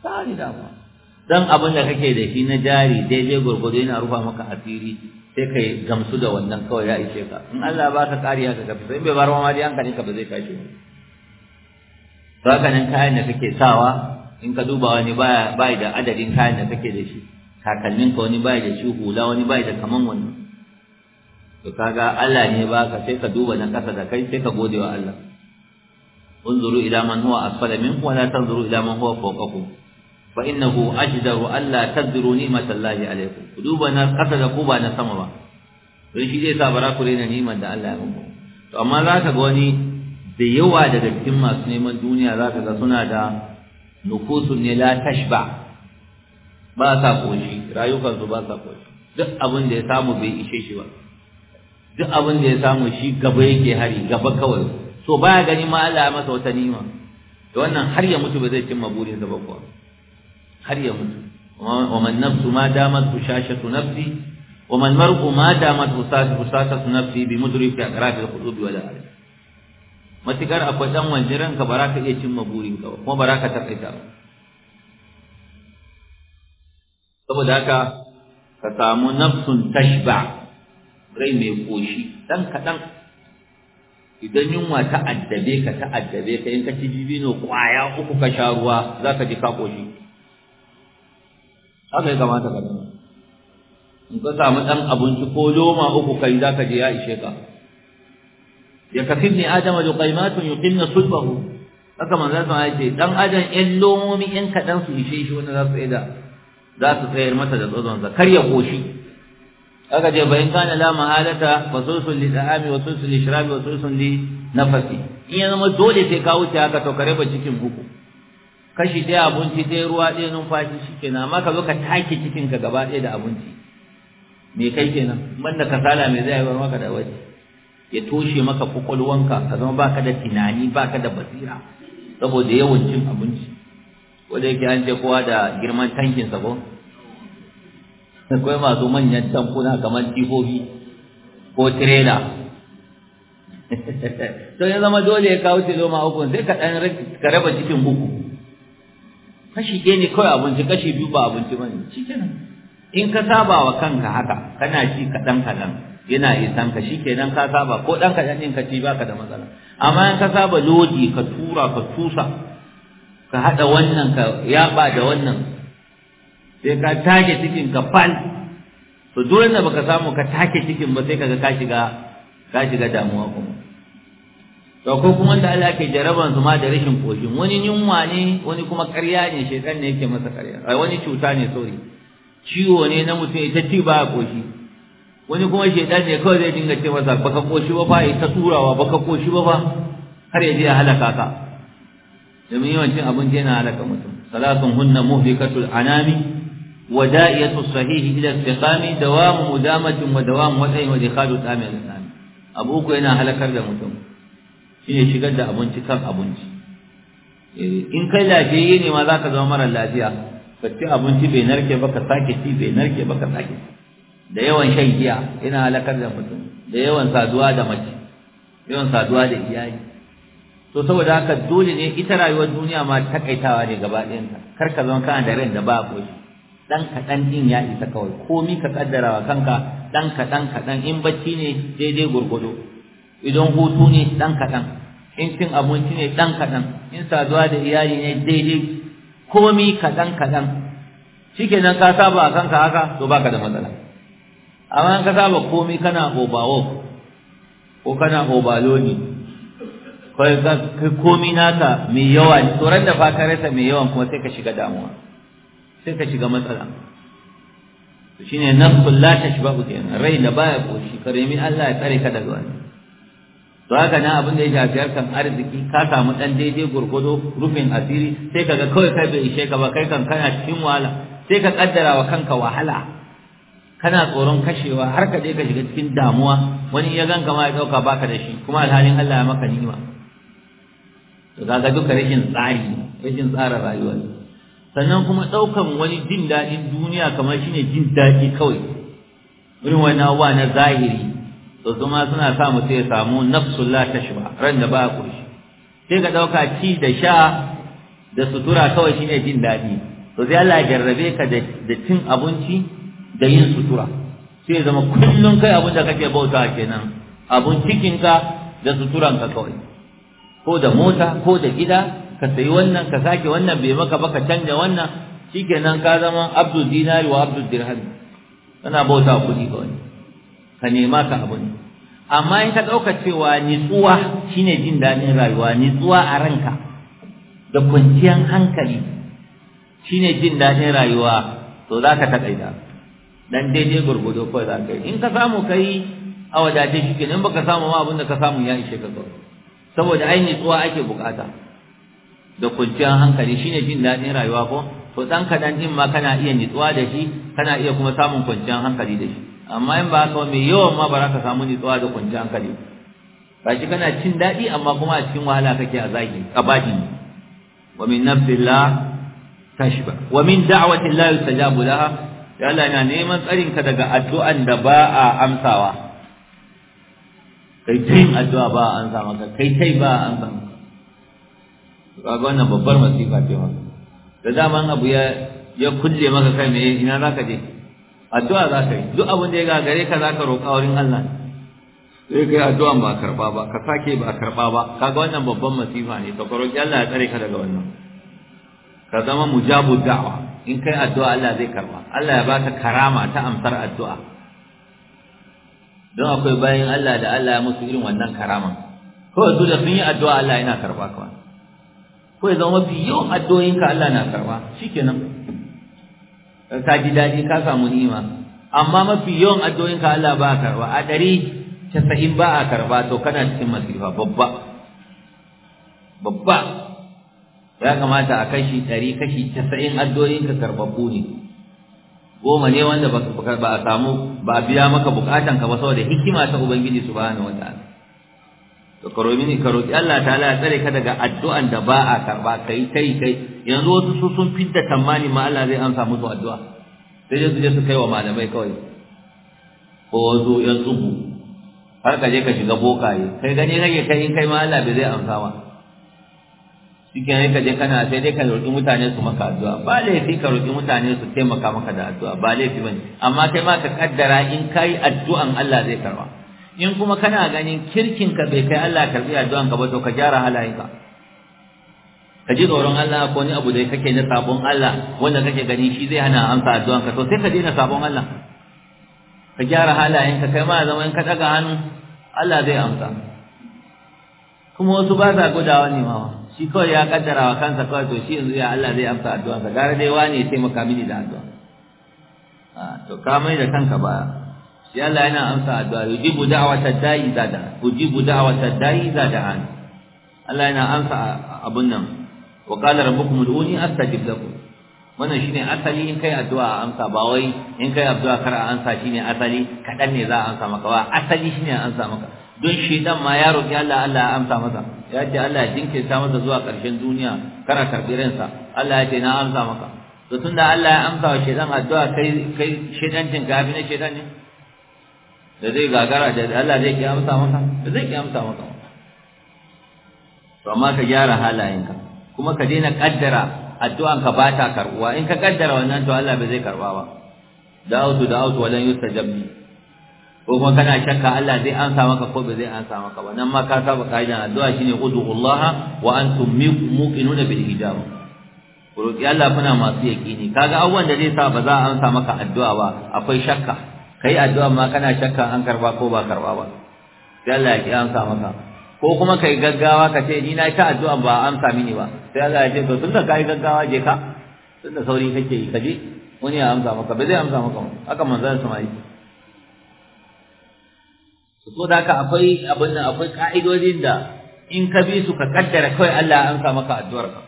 Speaker 1: ta ni ba dan abin da kake da shi na jari daidai gurgudu yana rufa maka asiri sai kai gamsu da wannan kawai ya ishe ka in Allah ba ka kariya ka gafi in bai bar ma dai hankali ka ba zai tashi ba haka nan kayan da kake sawa in ka duba wani baya bai da adadin kayan da kake da shi takalmin ka wani bai da shi hula wani bai da kaman wannan to kaga Allah ne ba ka sai ka duba na kasa da kai sai ka gode wa Allah انظروا إلى من هو أسفل منكم ولا تنظروا إلى من هو فوقكم فإنه أجدر ألا تذروا نعمة الله عليكم قلوبنا قتل قوبنا سمرا don shi zai sa ba za ku raina neman da Allah ya muku to amma za ka ga wani da yawa daga cikin masu neman duniya za ka ga suna da nufusun ne la tashba ba sa koshi rayukansu ba sa koshi duk abin da ya samu bai ishe shi ba duk abin da ya samu shi gaba yake hari gaba kawai so baya gani ma Allah ya masa wata nima to wannan har ya mutu ba zai cimma burin sa ba kuwa har ya mutu wa man nafsu ma damat tushashatu nafsi wa man mar'u ma damat tushashatu nafsi bi mudrika aqrabi al-qulubi wa ardi matikar akwai dan wanjiran ka ba ka iya cimma burin ka kuma ba ka takaita ba saboda haka ka samu nafsun tashba rai mai koshi dan kadan idan yunwa ta addabe ka ta addabe ka in ka ci dibino kwaya uku ka sha ruwa za ka ji ka koshi haka ya kamata ka nuna in ka samu ɗan abinci ko loma uku kai za ka ji ya ishe ka ya kafin ne adama da kaimatun yuqim na sulbahu haka manzo za ya ce dan adam ƴan lomomi in kaɗan su ishe shi wanda za su da za su tsayar masa da tsozon kar ya koshi kaga je bayan kana la mahalata wa sulsul li wa li shirabi wa sulsul li nafasi in ya zama dole sai ka wuce haka to kare ba cikin uku kashi dai abinci dai ruwa ɗaya numfashi shikenan amma ka zo ka take cikin ka gaba dai da abinci me kai kenan banda kasala me zai bar maka da wani. ya toshe maka kwakwalwanka ka zama baka da tunani baka da basira saboda yawancin cin abinci wanda yake an ce kowa da girman tankin sa ko akwai masu manyan tankuna kamar tifofi ko tirela to ya zama dole ya kawo tilo ma uku sai ka dan ka raba cikin uku kashi ɗaya ne kawai abinci kashi biyu ba abinci bane cikin in ka saba wa kanka haka kana ci kaɗan kaɗan yana isan ka kenan ka saba ko ɗan kaɗan ɗin ka ci baka da matsala amma in ka saba lodi ka tura ka tusa ka haɗa wannan ka yaɓa da wannan sai ka take cikin ka fal to dole ne baka samu ka take cikin ba sai kaga ka shiga ka shiga damuwa kuma to ko kuma da Allah ke jaraban su ma da rashin koshin wani yunwa ne wani kuma ƙarya ne shedan ne yake masa ƙarya ai wani cuta ne sauri. ciwo ne na mutum ita ci ba koshi wani kuma shedan ne kawai zai dinga ce masa baka koshi ba fa ita turawa baka koshi ba fa har ya je ya halaka ka domin yawancin abinci yana halaka mutum salatun hunna muhlikatul anami ودائية الصحيح إلى استقام دوام مدامة ودوام وطعي ودخال الطعام إلى أبوك إنا هلك هذا متم شنو ده كم أبونتي in kai lafiyayye ne ma za ka zama mara lafiya ka ci abinci bai narke ba ka sake ci bai narke ba ka sake ci da yawan shan giya yana halakar da mutum da iyali to saboda haka dole ne ita rayuwar duniya ma takaitawa ne gaba ɗayanta kar ka zama kana da ran da ba shi dan kaɗan ɗin ya isa kawai komi ka kaddara wa kanka dan kaɗan kaɗan in bacci ne daidai gurgudu idan hutu ne dan kaɗan in cin abinci ne dan kaɗan in saduwa da iyali ne daidai komi kaɗan kaɗan nan ka saba a kanka haka to baka da matsala amma in ka saba komi kana obawo ko kana obaloni kai komi naka mai yawa ne to da fa rasa mai yawan kuma sai ka shiga damuwa sai ka shiga matsala shine nafsul la tashbahu rai da baya kare karimi Allah ya tsare ka daga wani to haka na abin da ya shafi harkan arziki ka samu dan daidai gurgudo rufin asiri sai kaga kawai kai bai ishe ka ba kai kan kana cikin wahala sai ka kaddara wa kanka wahala kana tsoron kashewa har ka je ka shiga cikin damuwa wani ya ganka ma ya dauka baka da shi kuma alhalin Allah ya maka ni'ima to kaga duka rashin tsari rashin tsara rayuwa sannan kuma ɗaukan wani jin daɗin duniya kamar shine jin daɗi kawai wurin wani abuwa na zahiri to suna sa mutum ya samu nafsul ta tashba ran da ba ƙoshi sai ka ɗauka ci da sha da sutura kawai shine jin daɗi to sai Allah ya jarrabe ka da cin abinci da yin sutura sai zama kullum kai abin da kake bauta kenan abun cikinka da suturanka kawai ko da mota ko da gida ka sayi wannan ka sake wannan bai maka ba ka canja wannan shikenan ka zama abdul dinari wa abdul dirham kana bauta kuɗi ga wani ka nema ka abu ne amma in ka ɗauka cewa nitsuwa shine jin daɗin rayuwa nitsuwa a ranka da kwanciyar hankali shine jin daɗin rayuwa to za ka taƙaita dan daidai gurgudo ko za ka yi in ka samu ka yi a wadace shi ba baka samu ma abin da ka samu ya ishe ka saboda ai nitsuwa ake bukata da kwanciyar hankali shine jin daɗin rayuwa ko to dan kaɗan din ma kana iya nitsuwa da shi kana iya kuma samun kwanciyar hankali da shi amma in ba ka mai yawan ma ba za ka samu nitsuwa da kwanciyar hankali ba shi kana cin daɗi amma kuma a cikin wahala kake a zagi a baji wa min nafsillah tashba wa min da'wati la yustajabu laha ya Allah ina neman tsarin ka daga addu'an da ba a amsawa kai tin addu'a ba a amsa maka kai tai ba a amsa maka ba wannan babbar masifa ce ba da an abu ya ya kulle maka kai me ina zaka je addu'a za ka yi duk abin da ya gare ka za ka roƙa wurin Allah sai kai addu'a ba karɓa ba ka sake ba karɓa ba kaga wannan babban masifa ne to ka roƙi Allah ya tsare ka daga wannan ka zama mujabu da'wa in kai addu'a Allah zai karɓa Allah ya baka karama ta amsar addu'a don akwai bayan Allah da Allah ya musu irin wannan karama. kawai su da sun yi addu'a Allah yana karɓa kawai ko ya zama mafi yawan addu'o'inka Allah na karba shikenan ka ji daɗi ka samu ni'ima amma mafi yawan addu'o'inka Allah ba a karba a ɗari casa'in ba a karba to kana cikin masifa babba babba ya kamata a kashi ɗari kashi casa'in addu'o'inka karɓaɓɓu ne goma ne wanda ba a samu ba a biya maka bukatanka ba saboda hikima ta ubangiji subhanahu wataala ka karo mini ka roki Allah ta ya tsare ka daga addu'an da ba a karba kai kai kai yanzu wasu su sun fidda tamani ma Allah zai amsa musu addu'a sai dai suje je su kai wa malamai kawai ko wasu yan tsubu har ka je ka shiga bokaye kai gani rage kai in kai ma Allah bai zai amsa ba cikin ka je kana sai dai ka roki mutane su maka addu'a ba laifi ka roki mutane su taimaka maka da addu'a ba laifi bane amma kai ma ka kaddara in kai addu'an Allah zai karba in kuma kana ganin kirkin ka bai kai Allah karbi addu'an ba to ka gyara halayenka ka ji tsoron Allah ko ni abu da kake na sabon Allah wanda kake gani shi zai hana amsa addu'an ka to sai ka daina sabon Allah ka gyara halayenka kai ma zama in ka daga hannu Allah zai amsa kuma wasu ba sa gudawa ne mawa shi kawai ya kaddara wa kansa kawai to shi yanzu ya Allah zai amsa addu'an ka gara dai wani ya taimaka mini da addu'a ah, to ka mai da kanka ba ya Allah yana amsa addu'a yujibu da'wata da'i idza da'a yujibu da'wata da'i idza da'an Allah yana amsa abun nan wa qala rabbukum ud'uni astajib lakum wannan shine asali in kai addu'a a amsa ba wai in kai addu'a kar a amsa shine asali kadan ne za a amsa maka ba asali shine a amsa maka don shi shedan ma ya roki Allah Allah ya amsa masa ya ce Allah ya ta masa zuwa ƙarshen duniya kar a karbi ransa Allah ya ce na amsa maka to tunda Allah ya amsa wa shedan addu'a kai kai shedan jin gabi ne shedan ne da zai gagara da Allah zai ki amsa maka da zai ki amsa maka to amma ka gyara halayenka kuma ka daina kaddara addu'anka ba ta karbuwa in ka kaddara wannan to Allah bai zai karba ba da'awtu da'awtu walan yustajab li ko kuma kana shakka Allah zai ansa maka ko bai zai ansa maka ba nan ma ka saba kaidan addu'a shine qudullaha wa antum muqinuna bil hijab roƙi Allah kuna masu yaƙini kaga abubuwan da zai sa ba za a amsa maka addu'a ba akwai shakka kai addu'a ma kana shakka an karba ko ba karba ba sai Allah ya ki amsa maka ko kuma kai gaggawa ka ce ni na ta addu'a ba amsa mini ba sai Allah ya ce to tunda kai gaggawa je ka tunda sauri kake yi kaje wani ya amsa maka bai zai amsa maka ba haka manzon sama yi so da haka akwai abin nan akwai ka'idodin da in ka bi su ka kaddara kawai Allah ya amsa maka addu'ar ka.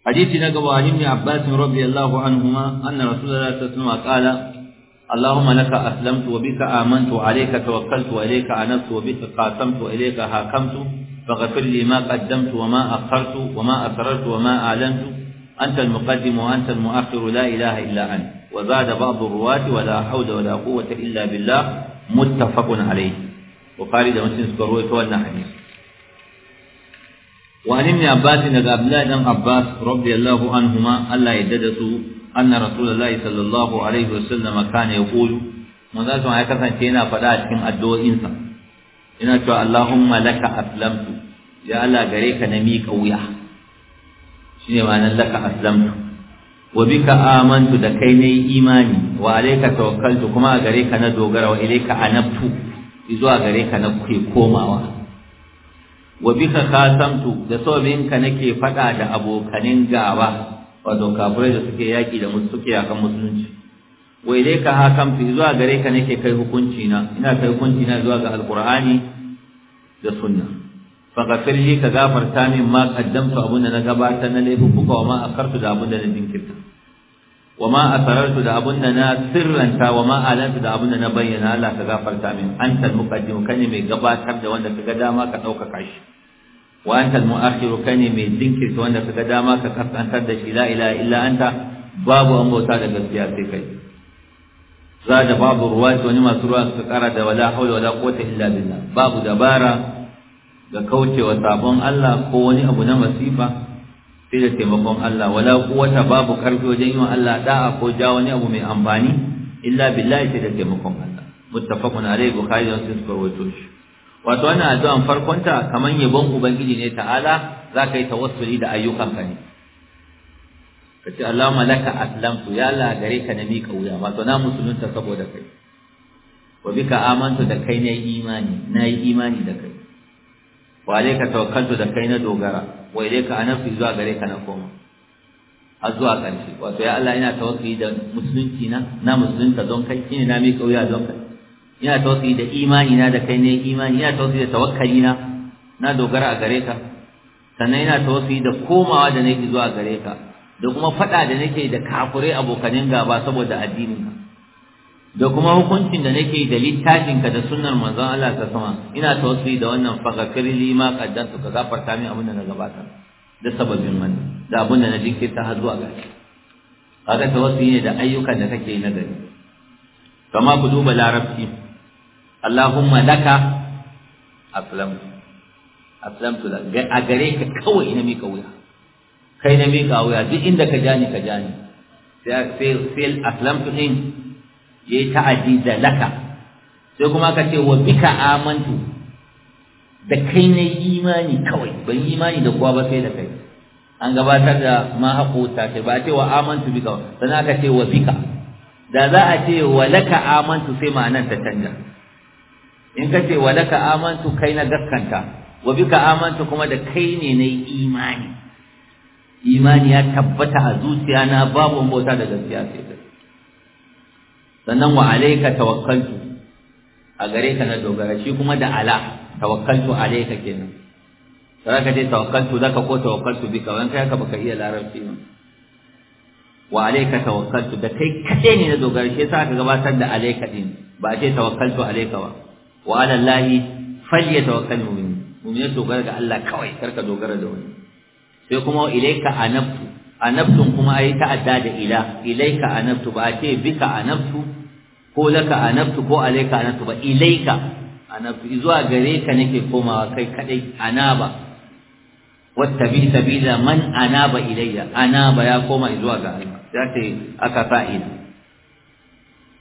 Speaker 1: حديث نقوى عن ابن عباس رضي الله عنهما أن رسول الله صلى الله عليه وسلم قال اللهم لك أسلمت وبك آمنت وعليك توكلت وإليك أنبت وبك قاسمت وإليك هاكمت فاغفر لي ما قدمت وما أخرت وما أسررت وما أعلنت أنت المقدم وأنت المؤخر لا إله إلا أنت وزاد بعض الرواة ولا حول ولا قوة إلا بالله متفق عليه وقال اذا مسلم سكروي تولنا حديث وعن ابن عباس ان عبد الله بن عباس رضي الله عنهما الا يددسوا anna rasulullahi sallallahu alaihi wasallam kana yaqulu manzo sun ya kasance yana faɗa a cikin addu'o'insa yana cewa Allahumma laka aslamtu ya Allah gare ka na miƙa wuya shine ma'anar laka aslamtu wa bika amantu da kai ne imani wa alaika tawakkaltu kuma a gare ka na dogara wa ilayka anabtu zuwa gare ka na kuke komawa wa bika khasamtu da sababinka nake faɗa da abokanin gaba wato kafirai da suke yaƙi da suke yakan musulunci Wai dai ka ilayka hakamtu zuwa gare ka nake kai hukunci na ina kai hukunci na zuwa ga alqur'ani da sunna faghfir li ka gafarta min ma qaddamtu abunda na gabatar na laifuka wa ma akartu da abunda na dinkirta wa ma asarartu da abunda na sirranta wa ma alantu da abunda na bayyana Allah ka gafarta min antal muqaddim kane mai gabatar da wanda kaga dama ka dauka kashi wa anta al-mu'akhiru kane mai jinkirta wanda kaga dama ka kaskantar da shi la ilaha illa anta babu an bauta da gaskiya sai kai zada babu ruwa wani masu ruwa suka kara da wala haula wala quwwata illa billah babu dabara ga kaucewa sabon Allah ko wani abu na masifa sai da taimakon Allah wala quwwata babu karfi wajen yin Allah da'a ko ja wani abu mai amfani illa billahi sai da taimakon Allah muttafaqun alayhi bukhari da muslim suka rawaito shi wato wannan addu'an farkonta kaman yabon ubangiji ne ta'ala zaka yi tawassuli da ayyukanka ne kace Allahumma laka aslamtu ya Allah gare ka na mika wuya wato na musulunta saboda kai wa bika amantu da kai na imani na yi imani da kai wa alayka tawakkaltu da kai na dogara wa ilayka anabtu zuwa gare ka na koma A zuwa ƙarshe wato ya Allah ina tawakkali da musulunci na na musulunta don kai shine na miƙa wuya don kai ina tausayi da imani na da kai ne imani ina tausayi da tawakkali na na dogara a gare ka sannan ina tausayi da komawa da nake zuwa gare ka da kuma faɗa da nake da kafurai abokanin gaba saboda addinin ka da kuma hukuncin da nake da littafin ka da sunnar manzon Allah ta sama ina tausayi da wannan fagakir lima ma qaddantu ka gafarta min abin da na gabata, da sababin man da abin da na jinkirta har zuwa gare kaga tausayi ne da ayyukan da kake yi na gari kama ku duba larabci Allahumma laka aslam aslamtu laka a gare ka kawai na mika wuya kai na mika wuya duk inda ka jani ka jani sai sai tu din ya ta'addi da laka sai kuma ka ce wa bika amantu da kai na imani kawai ban imani da kowa ba sai da kai an gabatar da ma ta ce ba a ce wa amantu bika sai aka ce wa bika da za a ce wa laka amantu sai ma nan ta canja in ka ce wa laka amantu kai na gaskanta wa bika amantu kuma da kai ne na imani imani ya tabbata a zuciya na babu bauta da gaskiya sai da sannan wa alayka tawakkaltu a gare ka na dogara shi kuma da ala tawakkaltu alayka kenan sai ka ce tawakkaltu zaka ko tawakkaltu bika wanda kai ka baka iya larabci ne wa alayka tawakkaltu da kai kace ne na dogara shi sai ka gabatar da alayka din ba a ce tawakkaltu alayka ba wa ala llahi falyatawakkalul mu'minun mu'mini dogara ga Allah kawai karka dogara da wani sai kuma ilaika anabtu anabtun kuma ai ta'adda da ila ilaika anabtu ba a ce bika anabtu ko laka anabtu ko alaika anabtu ba ilaika anabtu zuwa gare ka nake komawa kai kadai anaba wattabi sabila man anaba ilayya anaba ya koma zuwa ga Allah ya ce aka fa'ida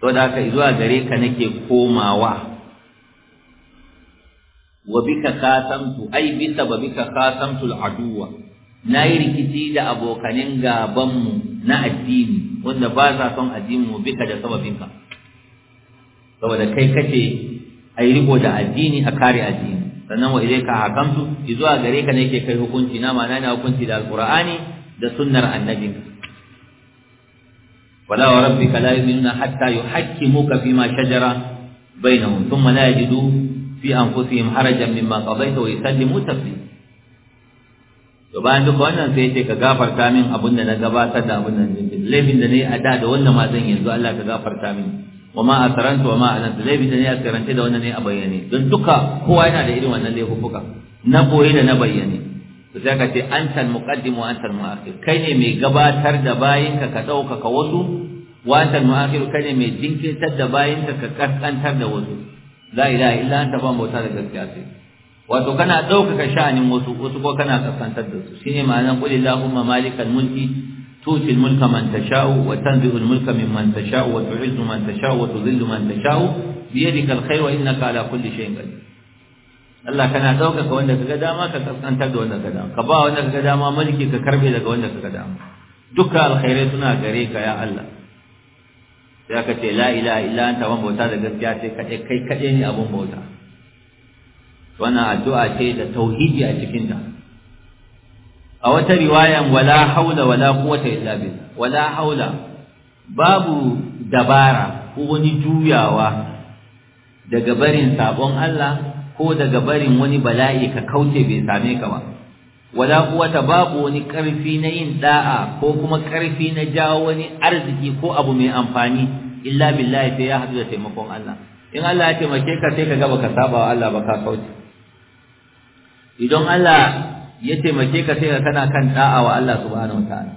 Speaker 1: to da aka zuwa gare ka nake komawa وبك خاتمت أي بسببك خاتمت العدو ناي ركتي دا أبوكانين غابم نا الدين وانا بازا صن الدين وبك دا سببك saboda kai kace a yi riko da addini a kare addini sannan wa ilaika hakamtu zuwa gare ka ne yake kai hukunci na ma'ana na hukunci da alqur'ani da sunnar annabinka wala wa rabbika la yu'minuna hatta yuhakkimuka fima shajara bainahum thumma la yajidu fi anfusihim harajan mimma qadaita wa yusallimu taslima to bayan duka wannan sai yace ka gafarta min abin da na gabatar da abin da laifin da nayi a da da wannan ma zan yanzu Allah ka gafarta min wa ma asaranta wa ma ananta laifin da nayi asaranta da wannan ne a bayyane don duka kowa yana da irin wannan laifuffuka na koyi da na bayyane to sai ka ce antal muqaddim wa antal muakhir kai ne mai gabatar da bayinka ka dauka ka wasu wa antal muakhir kai ne mai jinkirtar da bayinka ka kaskantar da wasu la ilaha illa anta ba bauta da gaskiya sai wato kana ɗaukaka sha'anin wasu wasu ko kana kaskantar da su shine ma'anar qul illahumma malikal mulki tuti mulka man tasha'u wa tanzi'u mulka mimman tasha'u wa tu'izzu man tasha'u wa tudhillu man tasha'u bi yadika alkhayr wa innaka ala kulli shay'in qadir Allah kana ɗaukaka wanda kaga dama ka kaskantar da wanda kaga dama ka ba wanda kaga dama mulki ka karbe daga wanda kaga dama dukkan alkhairai suna gare ka ya Allah sai aka ce la ilaha illa anta wan bauta da gaskiya sai kaɗai kai kaɗai ne abun bauta wannan addu'a ce da tauhidi a cikin ta a wata riwaya wala haula wala quwwata illa billah wala haula babu dabara ko wani juyawa daga barin sabon Allah ko daga barin wani bala'i ka kauce bai same ka ba wala ta babu wani karfi na yin da'a ko kuma karfi na jawo wani arziki ko abu mai amfani illa billahi sai ya hadu da taimakon Allah in Allah ya taimake ka sai ka ga baka saba wa Allah ba ka kauce idan Allah ya taimake ka sai ka kana kan da'a wa Allah subhanahu wataala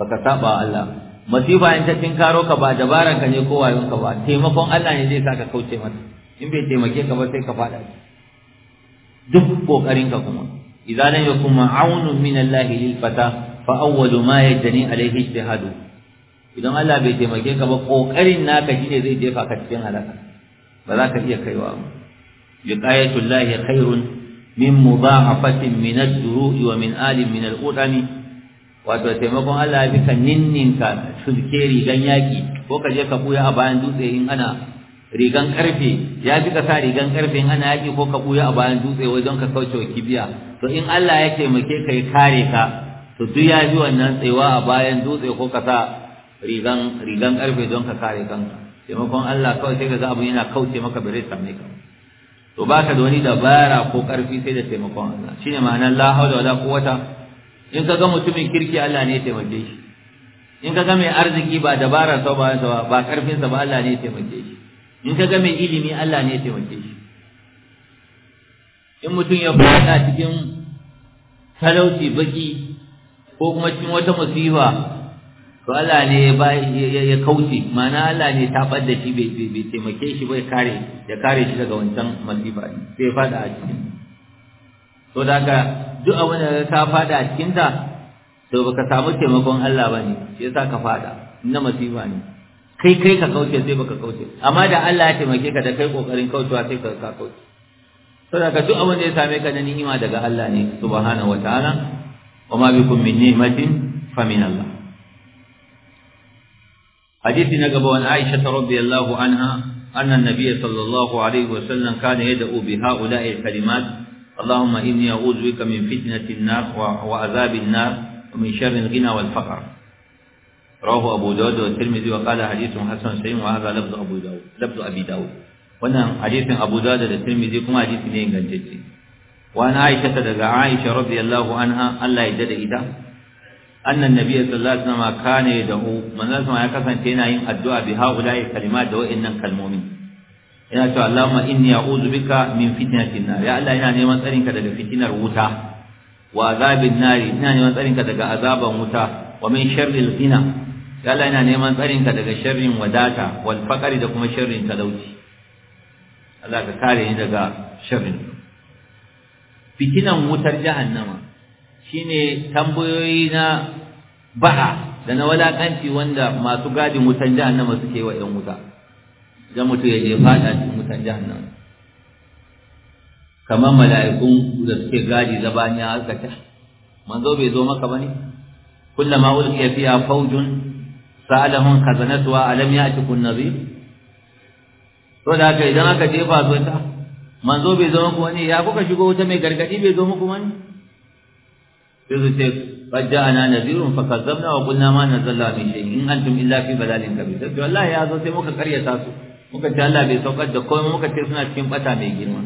Speaker 1: baka saba wa Allah masifa in ta tinkaro ka ba dabaran ka ne ko wayon ka ba taimakon Allah ne zai saka kauce mata in bai taimake ka ba sai ka faɗa duk kokarin ka kuma إذا لم يكن معون من الله للفتى فأول ما يجني عليه اجتهاده idan Allah bai taimake ka ba kokarin naka shine zai jefa ka cikin halaka ba za ka iya kaiwa ba liqayatul lahi khairun min mudha'afatin min ad-duru'i wa min alin min al-qudami wato taimakon Allah bi ka ka sulke rigan yaki ko ka je ka buya a bayan dutse in ana rigan karfe ya fi ka sa rigan karfe ana yaki ko ka buya a bayan dutse wajen ka kauce wa kibiya to in Allah ya taimake ka ya kare ka to duk ya fi wannan tsayuwa a bayan dutse ko ka sa rigan rigan karfe don ka kare kanka taimakon Allah kawai sai ka ga abu yana kauce maka bare mai ka to baka da wani dabara ko karfi sai da taimakon Allah shine ma'anar la hawla wala quwwata in ka ga mutumin kirki Allah ne ya taimake shi in ka ga mai arziki ba dabarar sa ba ba karfin sa ba Allah ne ya taimake shi in ka ga mai ilimi Allah ne ya taimake shi in mutum ya fada cikin talauci baki ko kuma cikin wata musiba to Allah ne ya kauce ma'ana Allah ne ta da shi bai taimake shi bai kare ya kare shi daga wancan musiba sai fada a cikin to da ka duk abin da ka fada a cikin ta to baka samu taimakon Allah bane shi yasa ka fada na masifa ne kai kai ka kauce sai baka kauce amma da Allah ya taimake ka da kai kokarin kaucewa sai ka ka kauce saboda ka duk abin da ya same ka na ni'ima daga Allah ne subhanahu wataala wa ma bikum min ni'matin fa min Allah hadisi na gaba wa Aisha حديث نقبة عن عائشة رضي الله عنها أن النبي صلى الله عليه وسلم كان يدعو بهؤلاء الكلمات اللهم إني أعوذ بك من فتنة النار وعذاب النار ومن شر الغنى والفقر رواه أبو داود والترمذي وقال حديث حسن صحيح وهذا لفظ أبو داود لفظ أبي داود wannan hadisin Abu da Tirmidhi kuma hadisi ne ingantacce wa an Aisha daga Aisha radiyallahu anha Allah ya dade ita annan nabi sallallahu alaihi wasallam kana yadahu manzon ya kasance yana yin addu'a bi haula'i kalima da wa'annan kalmomi yana cewa Allahumma inni a'udhu bika min fitnatin nar ya Allah ina neman tsarin daga fitinar wuta wa azabin nar ina neman tsarin daga azaban wuta wa min ya Allah yana neman tsarinka daga sharrin wadata wal faqari da kuma sharrin talauci Allah ka kare ni daga sharrin fitinan wutar jahannama shine tambayoyi na ba'a da na walakanci wanda masu gadin wutan jahannama suke wa ɗan wuta idan mutum ya je fada cikin wutan jahannama kamar mala'ikun da suke gadi zabaniya aka ta manzo bai zo maka bane kullama ulqiya fiha fawjun sa'alahum khazanatuha alam ya'tikum nadhir to da haka idan aka jefa su ta manzo bai zama ku wani ya kuka shigo wuta mai gargadi bai zo muku wani sai su ce qad ja'ana nadhirun fakazzabna wa qulna ma nazzala min shay'in in antum illa fi dalalin kabir to wallahi ya zo sai muka karyata su muka ce Allah bai saukar da komai muka ce suna cikin bata mai girma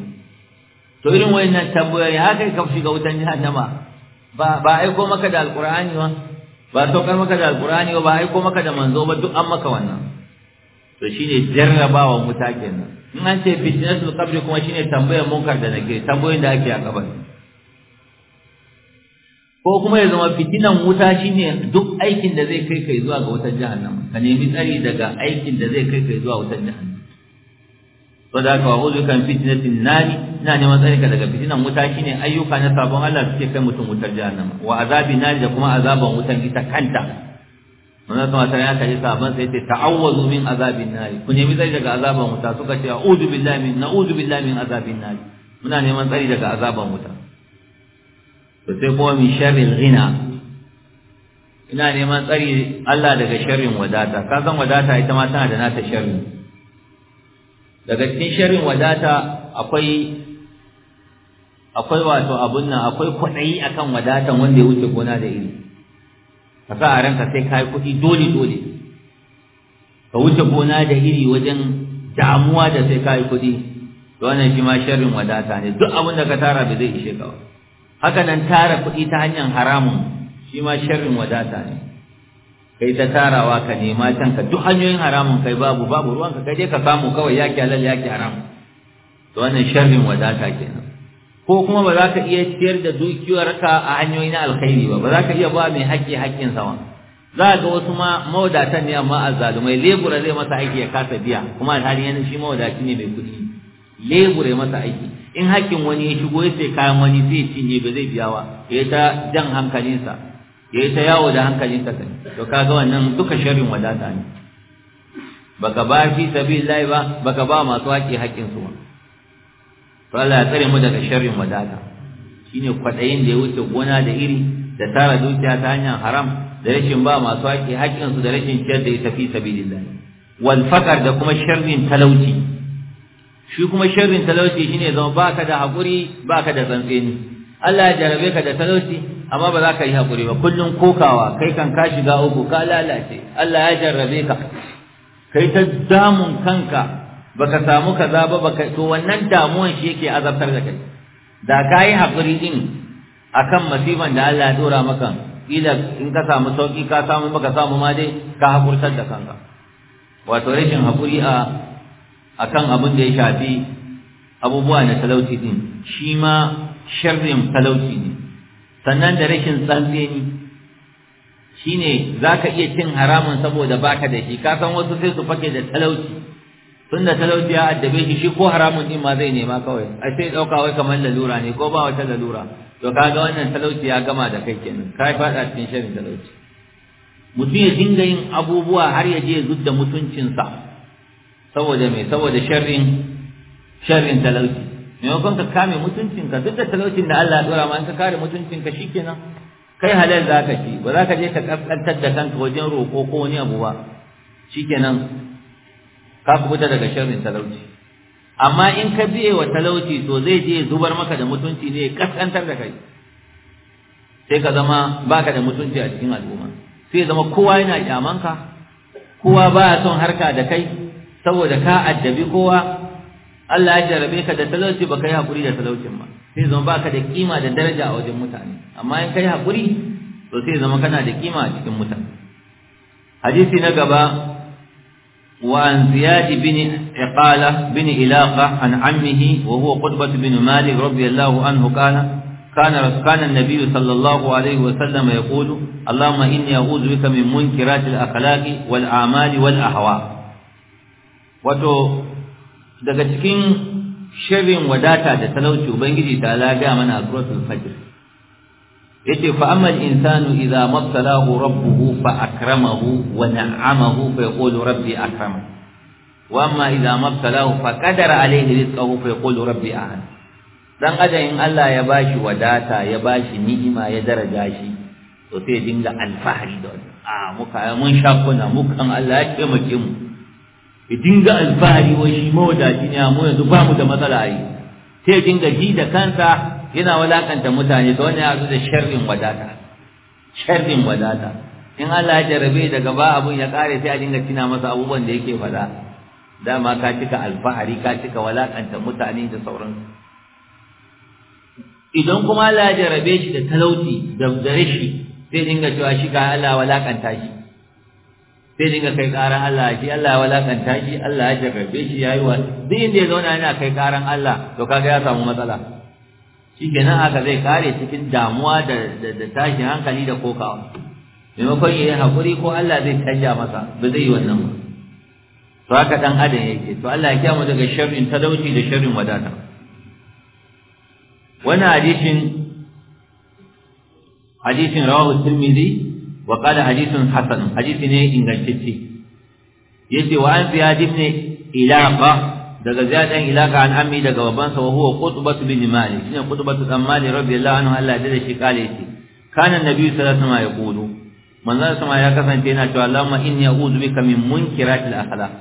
Speaker 1: to irin wayannan tabbayoyi haka ka shiga wutan jahannama ba ba aiko maka da alqur'ani ba ba saukar maka da alkurani ba aiko maka da manzo ba duk an maka wannan to shine jarrabawa wuta kenan in an ce fitnatul qabri kuma shine tambayar munkar da nake tambayoyin da ake a kabar ko kuma ya zama fitinan wuta shine duk aikin da zai kai kai zuwa ga wutar jahannama ka nemi tsari daga aikin da zai kai kai zuwa wutar jahannama saboda haka wa uzu kan fitnatin nari ina neman tsarika daga fitinan wuta shine ayyuka na sabon Allah suke kai mutum wutar jahannama wa azabi nari da kuma azaban wutan ita kanta manzon sama sai ya kaji sabon sai ce ta'awwazu min azabin nari ku nemi tsari daga azaban wuta suka ce a'udhu billahi min na'udhu billahi min azabin nari muna neman tsari daga azaban wuta to sai kuma min sharril ghina ina neman tsari Allah daga sharrin wadata ka san wadata ita ma tana da nata sharri daga cikin sharrin wadata akwai akwai wato abun nan akwai kwaɗayi akan wadatan wanda ya wuce gona da iri ka sa a ranka sai ka yi kuɗi dole dole ka wuce gona da iri wajen damuwa da sai ka yi kuɗi to wannan shi ma sharrin wadata ne duk abin da ka tara ba zai ishe ka ba haka nan tara kuɗi ta hanyar haramun shi ma sharrin wadata ne kai ta tarawa ka nema can ka duk hanyoyin haramun kai babu babu ruwanka kai dai ka samu kawai yaki halal yaki haram to wannan sharrin wadata kenan ko kuma ba za ka iya ciyar da dukiyarka a hanyoyi na alkhairi ba ba za ka iya ba mai haƙƙi haƙƙin sa ba za ga wasu ma mawadatan ne amma azzalumai lebura zai masa aiki ya kasa biya kuma alhali yana shi mawadaci ne mai kuɗi lebura ya masa aiki in haƙƙin wani ya shigo ya sai kayan wani zai cinye ba zai biya ba ya ta jan hankalinsa yayi ta yawo da hankali kai to kaga wannan duka sharrin wadata ne baka ba fi sabilillahi ba baka ba masu haƙi haƙin su ba to Allah ya tsare mu daga sharrin wadata shine kwadayin da ya wuce gona da iri da tara dukiya ta hanyar haram da rashin ba masu haƙi haƙin su da rashin ciyar da ita fi sabilillahi wal fakar da kuma sharrin talauci shi kuma sharrin talauci shine zama baka da haƙuri baka da tsantseni Allah ya jarabe ka da talauci amma ba za ka yi hakuri ba kullum kokawa kai kan ka shiga uku ka lalace Allah ya jarrabe ka kai ta damun kanka baka samu kaza ba baka to wannan damuwan shi yake azabtar da kai da ka yi hakuri din kan masiban da Allah ya dora maka ila in ka samu sauki ka samu baka samu ma dai ka hakurtar da kanka wato rashin hakuri a akan abin da ya shafi abubuwa na talauci din shi ma sharrin talauci ne sannan da rashin tsantseni shine ka iya cin haramun saboda baka da shi ka wasu sai su fake da talauci Tun da talauci ya addabe shi shi ko haramun din ma zai nema kawai a sai ɗauka wai kamar lalura ne ko ba wata lalura to kaga wannan talauci ya gama da kai kenan ka kai faɗa cikin shirin talauci mutum ya dinga yin abubuwa har ya je zudda mutuncinsa saboda me saboda sharrin talauci maimakon ka kame mutuncinka duk da talaucin da Allah ya dora ma in ka kare mutuncinka shikenan kai halal za ka ci ba za ka je ka kaskantar da kanka wajen roƙo ko wani abu ba shikenan ka kubuta daga sharrin talauci amma in ka biye wa talauci to zai je zubar maka da mutunci ne kaskantar da kai sai ka zama baka da mutunci a cikin al'umma sai zama kowa yana kyamanka kowa baya son harka da kai saboda ka addabi kowa Allah ya jarabe ka da talauci baka yi hakuri da talaucin ba sai zama baka da kima da daraja a wajen mutane amma in kai hakuri to sai zama kana da kima a cikin mutane hadisi na gaba وعن زياد bin عقالة بن إلاقة عن عمه وهو قطبة بن مالك رضي الله عنه قال كان كان النبي صلى الله عليه وسلم يقول اللهم إني أعوذ بك من منكرات الأخلاق والأعمال wato daga cikin shirin wadata da talauci ubangiji ta laga mana suratul fajr yace fa amma al-insanu idza mabtalahu rabbuhu fa akramahu wa na'amahu fa yaqulu rabbi akram wa amma idza mabtalahu fa qadara alayhi rizqahu fa yaqulu rabbi ahad dan adam in Allah ya bashi wadata ya bashi ni'ima ya daraja shi to sai dinga alfahari da wannan a ah, muka mun shakuna mukan Allah ya taimake mu ya dinga alfahari wa shi mawadaci ne mu yanzu ba mu da matsala yi sai ki dinga ji da kansa yana walakanta mutane da wani ya da sharrin wadata sharrin wadata in Allah ya jarabe daga ba abun ya kare sai a dinga tina masa abubuwan da yake fada dama ka cika alfahari ka cika walakanta mutane da sauransu idan kuma Allah ya jarabe shi da talauci da shi sai dinga cewa shi ga Allah walakanta shi sai dinga kai karan Allah shi Allah ya walakanta shi Allah ya jarrabe shi yayi wa duk inda ya zauna yana kai karan Allah to kaga ya samu matsala kenan aka zai kare cikin damuwa da da tashin hankali da kokawa maimakon yayi hakuri ko Allah zai canja masa ba zai yi wannan ba to haka dan adam yake to Allah ya kiyamu daga sharrin talauci da sharrin wadata wannan hadisin hadisin rawahu tirmidhi wa qala hadithun hasan hadisi ne ingantacce yace wa an ziyad ibn ilaqa daga ziyad ibn ilaqa an ammi daga babansa wa huwa qutbatu bin malik shine qutbatu dan malik radiyallahu anhu Allah da shi kale shi kana annabi sallallahu alaihi wasallam yaqulu manzon sama ya kasance yana cewa Allahumma inni a'udhu bika min munkiratil akhlaq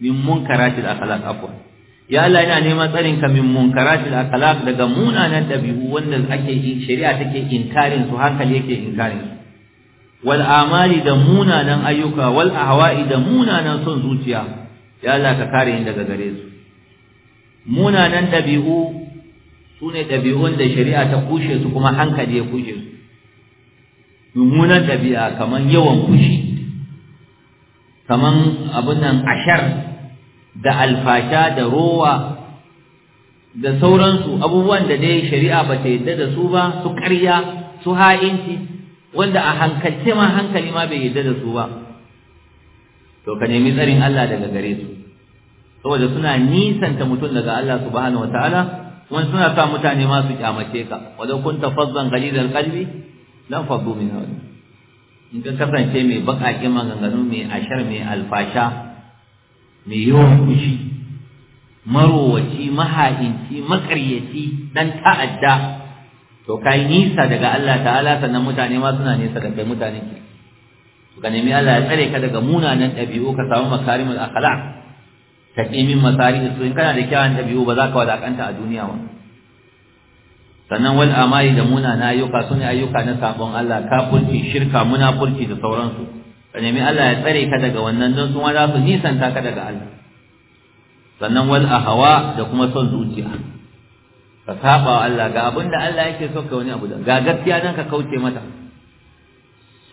Speaker 1: min munkaratil akhlaq afwan ya Allah ina neman tsarin ka min munkaratil akhlaq daga munanan dabi'u wanda ake yi shari'a take inkarin su hankali yake inkarin su wal amali da munanan ayyuka wal ahwa'i da munanan son zuciya ya Allah ka kare ni daga gare su munanan dabi'u sune dabi'un da shari'a ta kushe su kuma hankali ya kushe su mummunan dabi'a kaman yawan kushi kaman abin nan ashar da alfasha da rowa da sauransu abubuwan da dai shari'a ba ta yadda da su ba su ƙarya su ha'inci wanda a hankalce ma hankali ma bai yarda da su ba to ka nemi tsarin Allah daga gare su saboda suna nisanta mutum daga Allah subhanahu wataala wani suna sa mutane ma su kyamace ka walau kunta fazzan qalidal qalbi lan faddu min hawli in ka kasance mai bakakin maganganu mai ashar mai alfasha mai yawan kushi marowaci maha'inci maƙaryaci, dan ta'adda to kai nisa daga Allah ta'ala sannan mutane ma suna nisa da kai mutanen ki ka nemi Allah ya tsare ka daga munanan ɗabi'u ka samu makarimul akhlaq ka min masari su in kana da kyawun ɗabi'u ba za ka wadakanta a duniya ba sannan wal amali da munana ayyuka sune ayyuka na sabon Allah kafurci shirka munafurci da sauransu ka nemi Allah ya tsare ka daga wannan don sun za su nisanta ka daga Allah sannan wal ahawa da kuma son zuciya ka saba wa Allah ga abinda Allah yake so ka wani abu da ga gaskiya nan ka kauce mata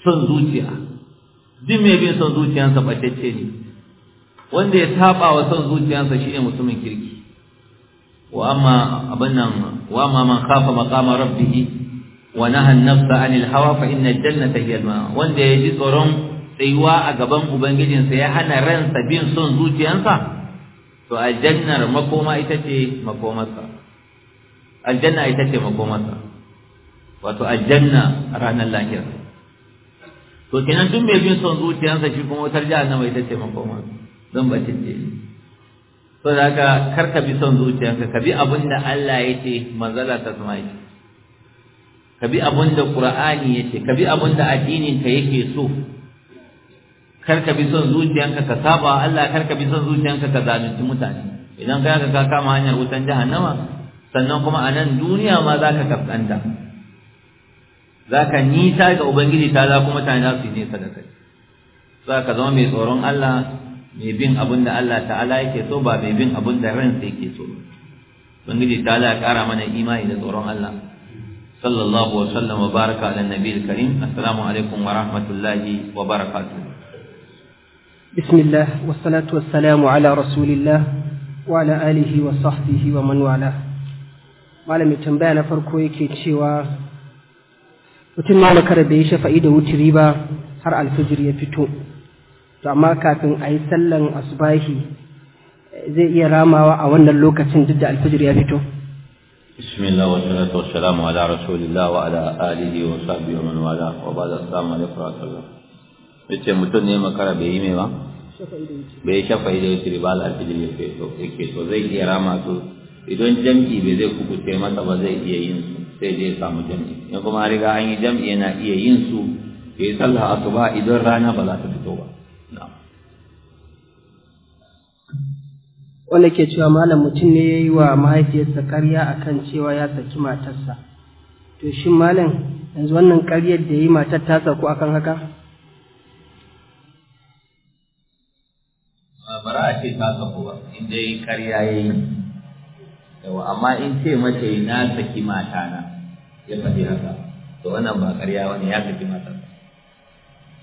Speaker 1: son zuciya duk mai bin son zuciyansa batacce ne wanda ya saba wa son zuciyansa shine mutumin kirki wa amma nan, wa amma man khafa maqama rabbih wa naha an-nafsa 'anil hawa fa inna al-jannata hiya al-ma'a wanda ya ji tsoron tsayuwa a gaban ubangijinsa ya hana ransa bin son zuciyansa to aljannar makoma ita ce makomarsa aljanna ita ce makomarsa wato aljanna a ranar lahira to kenan duk mai bin son zuciyarsa shi kuma wutar jahannama ita ce makomarsa zan bace ce so da haka kar ka bi son zuciyarka ka bi abin da Allah ya ce manzala ta zama ya ka bi abin da Qur'ani ya ce ka bi abin da addinin ka yake so kar ka bi son zuciyanka ka saba Allah kar ka bi son zuciyanka ka zalunci mutane idan ka ka kama hanyar wutan jahannama sannan kuma a nan duniya ma za ka kaskanta za ka nisa ga ubangiji ta za kuma mutane za su yi nesa da kai za ka zama mai tsoron Allah mai bin abin da Allah ta'ala yake so ba mai bin abin da ransa yake so ubangiji ta Allah ya kara mana imani da tsoron Allah sallallahu wa sallam wa baraka ala nabiyil karim assalamu alaikum wa rahmatullahi wa barakatuh
Speaker 2: bismillah wassalatu wassalamu ala rasulillah wa ala alihi wa sahbihi wa man malami tambaya na farko yake cewa mutum ma makara bai shafa'i da wuturi ba har alfijir ya fito to amma kafin a yi sallan asubahi zai iya ramawa a wannan lokacin duk da alfijir ya fito
Speaker 1: bismillah wa salatu wa salamu ala rasulillah wa ala alihi wa sahbihi wa man wala wa yace mutum ne bai yi mai ba bai wuturi ba alfijir ya fito yake to zai iya rama idan jam'i bai zai kubuce masa ba zai iya yin su sai ya samu jam'i in kuma riga an yi jam'i yana iya yin su ya yi sallah asuba idan rana ba za ta fito ba
Speaker 2: wanda ke cewa malam mutum ne ya yi wa mahaifiyarsa karya a kan cewa ya saki matarsa to shi malam yanzu wannan karyar da ya yi matar ta a akan haka
Speaker 1: bara a ce ta sauko ba in dai karya ya yi yawa amma in ce mace na saki matana ya faɗi haka to wannan ba ƙarya wani ya saki mata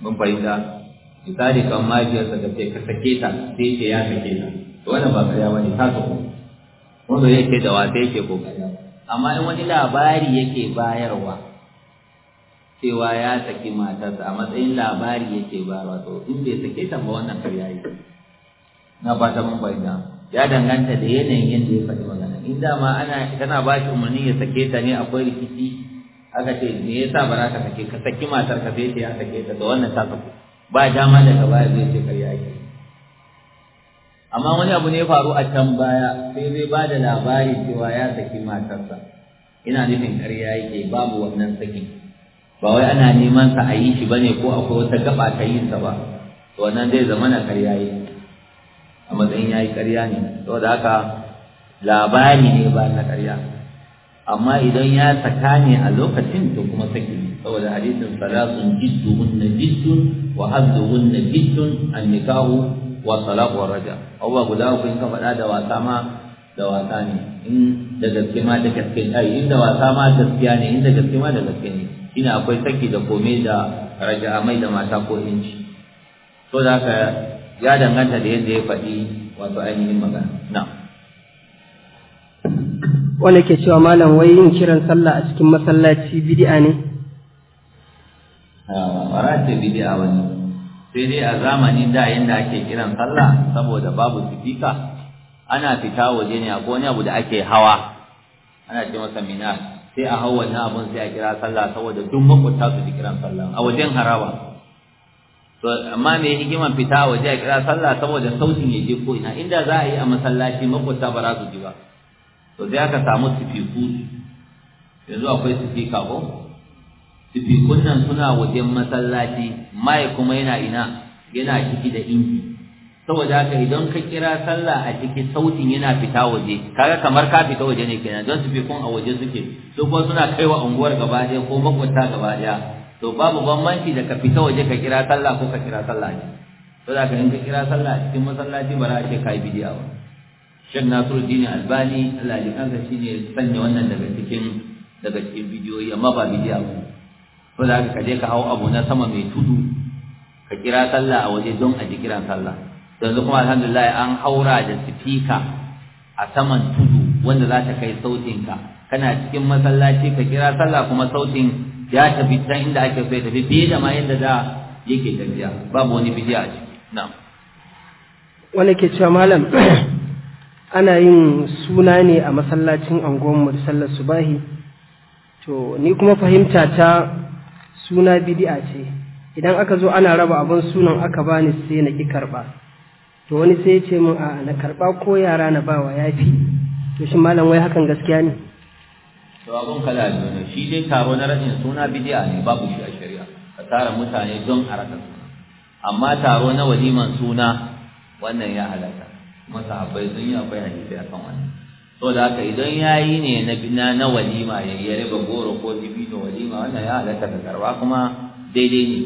Speaker 1: mun fahimta misali kan mahaifiyarsa da ce ka sake ta sai ce ya sake ta to wannan ba ƙarya wani ta sako wanda yake da wata yake kokari amma in wani labari yake bayarwa cewa ya saki matarsa a matsayin labari yake bayarwa to in bai sake ta ba wannan ƙarya yake na fata mun fahimta. ya danganta da yanayin yadda ya faɗi magana in dama ana kana ba shi umarni ya sake ta ne akwai rikici aka ce me yasa ba za ka sake ka saki matar ka sai ya sake ta da wannan ta ba dama da baya zai ce karya ake amma wani abu ne ya faru a can baya sai zai ba da labari cewa ya saki matarsa ina nufin karya yake babu wannan sakin ba wai ana neman sa a yi shi bane ko akwai wata gaba ta yin sa ba to wannan zai zama na ƙarya a matsayin ya yi ƙarya ne saboda haka labari ne ba na ƙarya amma idan ya saka ne a lokacin to kuma saki ne saboda hadisin salatun jidduhunna jiddun wa abduhunna jiddun an nikahu wa salatu wa raja abubuwa guda uku in ka faɗa da wasa ma da wasa ne in da gaske ma da gaske ai in da wasa ma gaskiya ne in da gaske ma da gaske ne shine akwai saki da kome da raja mai da mata ko inci to da haka ya danganta da yadda ya faɗi wato ainihin magana na
Speaker 2: wanda ke cewa malam wai yin kiran sallah a cikin masallaci bid'a ne
Speaker 1: a ce bid'a wani sai dai a zamani da yadda ake kiran sallah saboda babu sifika ana fita waje ne a wani abu da ake hawa ana ce masa mina sai a hau wannan abun sai a kira sallah saboda duk makwabta su ji kiran sallah a wajen harawa to amma me hikiman fita waje a kira sallah saboda sautin ya je ko ina inda za a yi a masallaci makwata ba za su ji ba to sai aka samu sifiku yanzu akwai sifika ko sifikun nan suna wajen masallaci mai kuma yana ina yana ciki da inji saboda haka idan ka kira sallah a ciki sautin yana fita waje kaga kamar ka fita waje ne kenan don sifikun a waje suke su kuma suna kaiwa unguwar gaba ɗaya ko makwata gaba ɗaya to babu bambanci da ka fita waje ka kira sallah ko ka kira sallah ne to da ka yanka kira sallah a cikin masallaci ba za a ce kai bidiya ba Sheikh Nasiruddin Albani Allah ya kansa shine sanya wannan daga cikin daga cikin bidiyoyi amma ba bidiya ba to da ka je ka hau abu na sama mai tudu ka kira sallah a waje don a ji kiran sallah yanzu kuma alhamdulillah an haura da sifika a saman tudu wanda za ta kai sautinka kana cikin masallaci ka kira sallah kuma sautin ya tafi ta inda ake so ya tafi fiye da ma yadda da yake tafiya babu wani bidiya a ciki na
Speaker 2: wani ke cewa malam ana yin suna ne a masallacin anguwanmu da sallar subahi to ni kuma fahimta ta suna bidi'a ce idan aka zo ana raba abin sunan aka bani sai na ki karba to wani sai ya ce min a na karba ko yara na bawa yafi to shi malam wai hakan gaskiya ne
Speaker 1: sawabun kala biyu ne shi dai taro na rashin suna bid'a ne babu shi a shari'a ka tara mutane don a rasa suna amma taro na waliman suna wannan ya halaka kuma sahabbai sun yi akwai hadisi akan wannan so da haka idan yayi ne na bina na walima ya yi riba goro ko dibino walima wannan ya halaka ka karba kuma daidai ne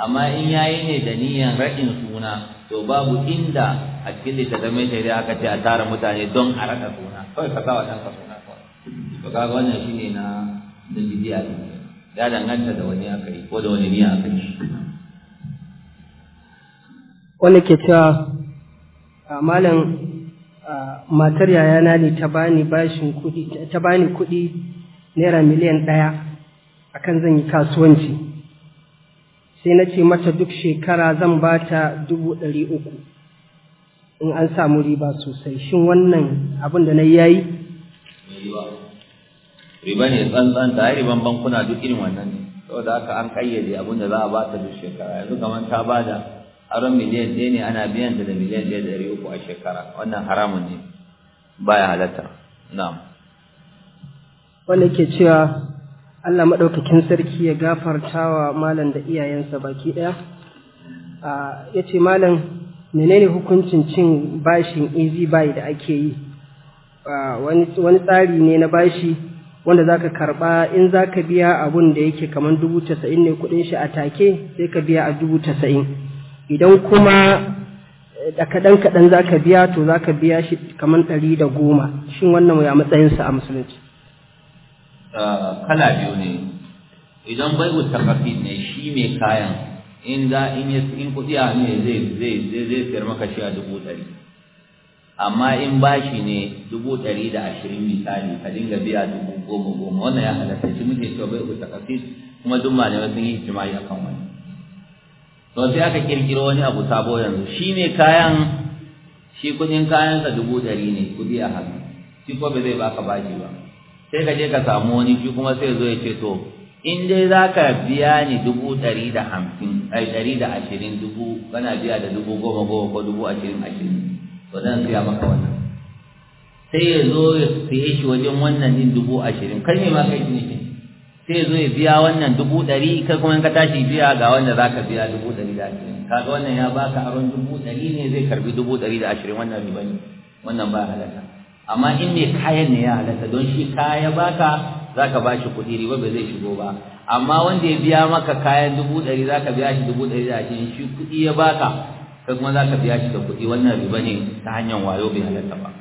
Speaker 1: amma in yayi ne da niyan raɗin suna to babu inda a cikin littattafan shari'a aka ce a tara mutane don a rasa suna kawai ka sa wa ɗan kaso to kaga wannan shine na na bidiya ne ya danganta da wani aka yi ko da wani niyya aka yi
Speaker 2: wanda ke cewa malam matar yayana ne ta bani bashin kuɗi ta bani kuɗi naira miliyan ɗaya akan zan yi kasuwanci sai na ce mata duk shekara zan ba ta dubu ɗari uku in an samu riba sosai shin wannan abin da na yi yayi
Speaker 1: riba ne tsantsan ta riban bankuna duk irin wannan ne saboda haka an kayyade abin da za a ba ta duk shekara yanzu kamar ta ba da aron miliyan ɗaya ne ana biyan ta da miliyan ɗaya da ɗari uku a shekara wannan haramun ne baya halatta na'am
Speaker 2: wanda ke cewa Allah maɗaukakin sarki ya gafarta wa malam da iyayensa baki ɗaya ya ce malam menene hukuncin cin bashin easy buy da ake yi wani tsari ne na bashi wanda za ka karɓa in za ka biya abun da yake kamar dubu casa'in ne kuɗin shi a take sai ka biya a dubu casa'in idan kuma eh, da kaɗan kaɗan za ka biya to za ka biya shi kamar ɗari da goma shin wannan ya matsayinsa a musulunci
Speaker 1: ah, kala biyu ne idan bai wuta kafi ne shi mai kayan in za in kuɗi a ne zai zai zai sayar maka shi a dubu ɗari amma in bashi ne dubu ɗari da ashirin misali ka dinga biya dubu goma goma wannan ya halatta shi muke cewa bai uta kasis kuma duk malamai sun yi jima'i a kan wani to sai aka kirkiro wani abu sabo yanzu shi ne kayan shi kudin kayansa dubu ɗari ne kudi a hannu shi ko ba zai baka bashi ba sai ka je ka samu wani shi kuma sai zo ya ce to in dai za ka biya ni dubu ɗari da hamsin ai ɗari da ashirin dubu kana biya da dubu goma goma ko dubu ashirin ashirin ba zan siya maka wannan sai ya zo ya siye shi wajen wannan din dubu ashirin kai ne ma kai shi ne sai ya zo ya biya wannan dubu ɗari kai kuma in ka tashi biya ga wanda za ka biya dubu ɗari da ashirin kaga wannan ya baka aron dubu ɗari ne zai karbi dubu ɗari da ashirin wannan riba ne wannan ba halaka amma in ne kayan ne ya halaka don shi kaya baka za ka ba shi kuɗi riba ba zai shigo ba amma wanda ya biya maka kayan dubu ɗari za ka biya shi dubu ɗari da ashirin shi kuɗi ya baka sai kuma za ka biya shi da kuɗi wannan riba ne ta hanyar wayo bai halatta ba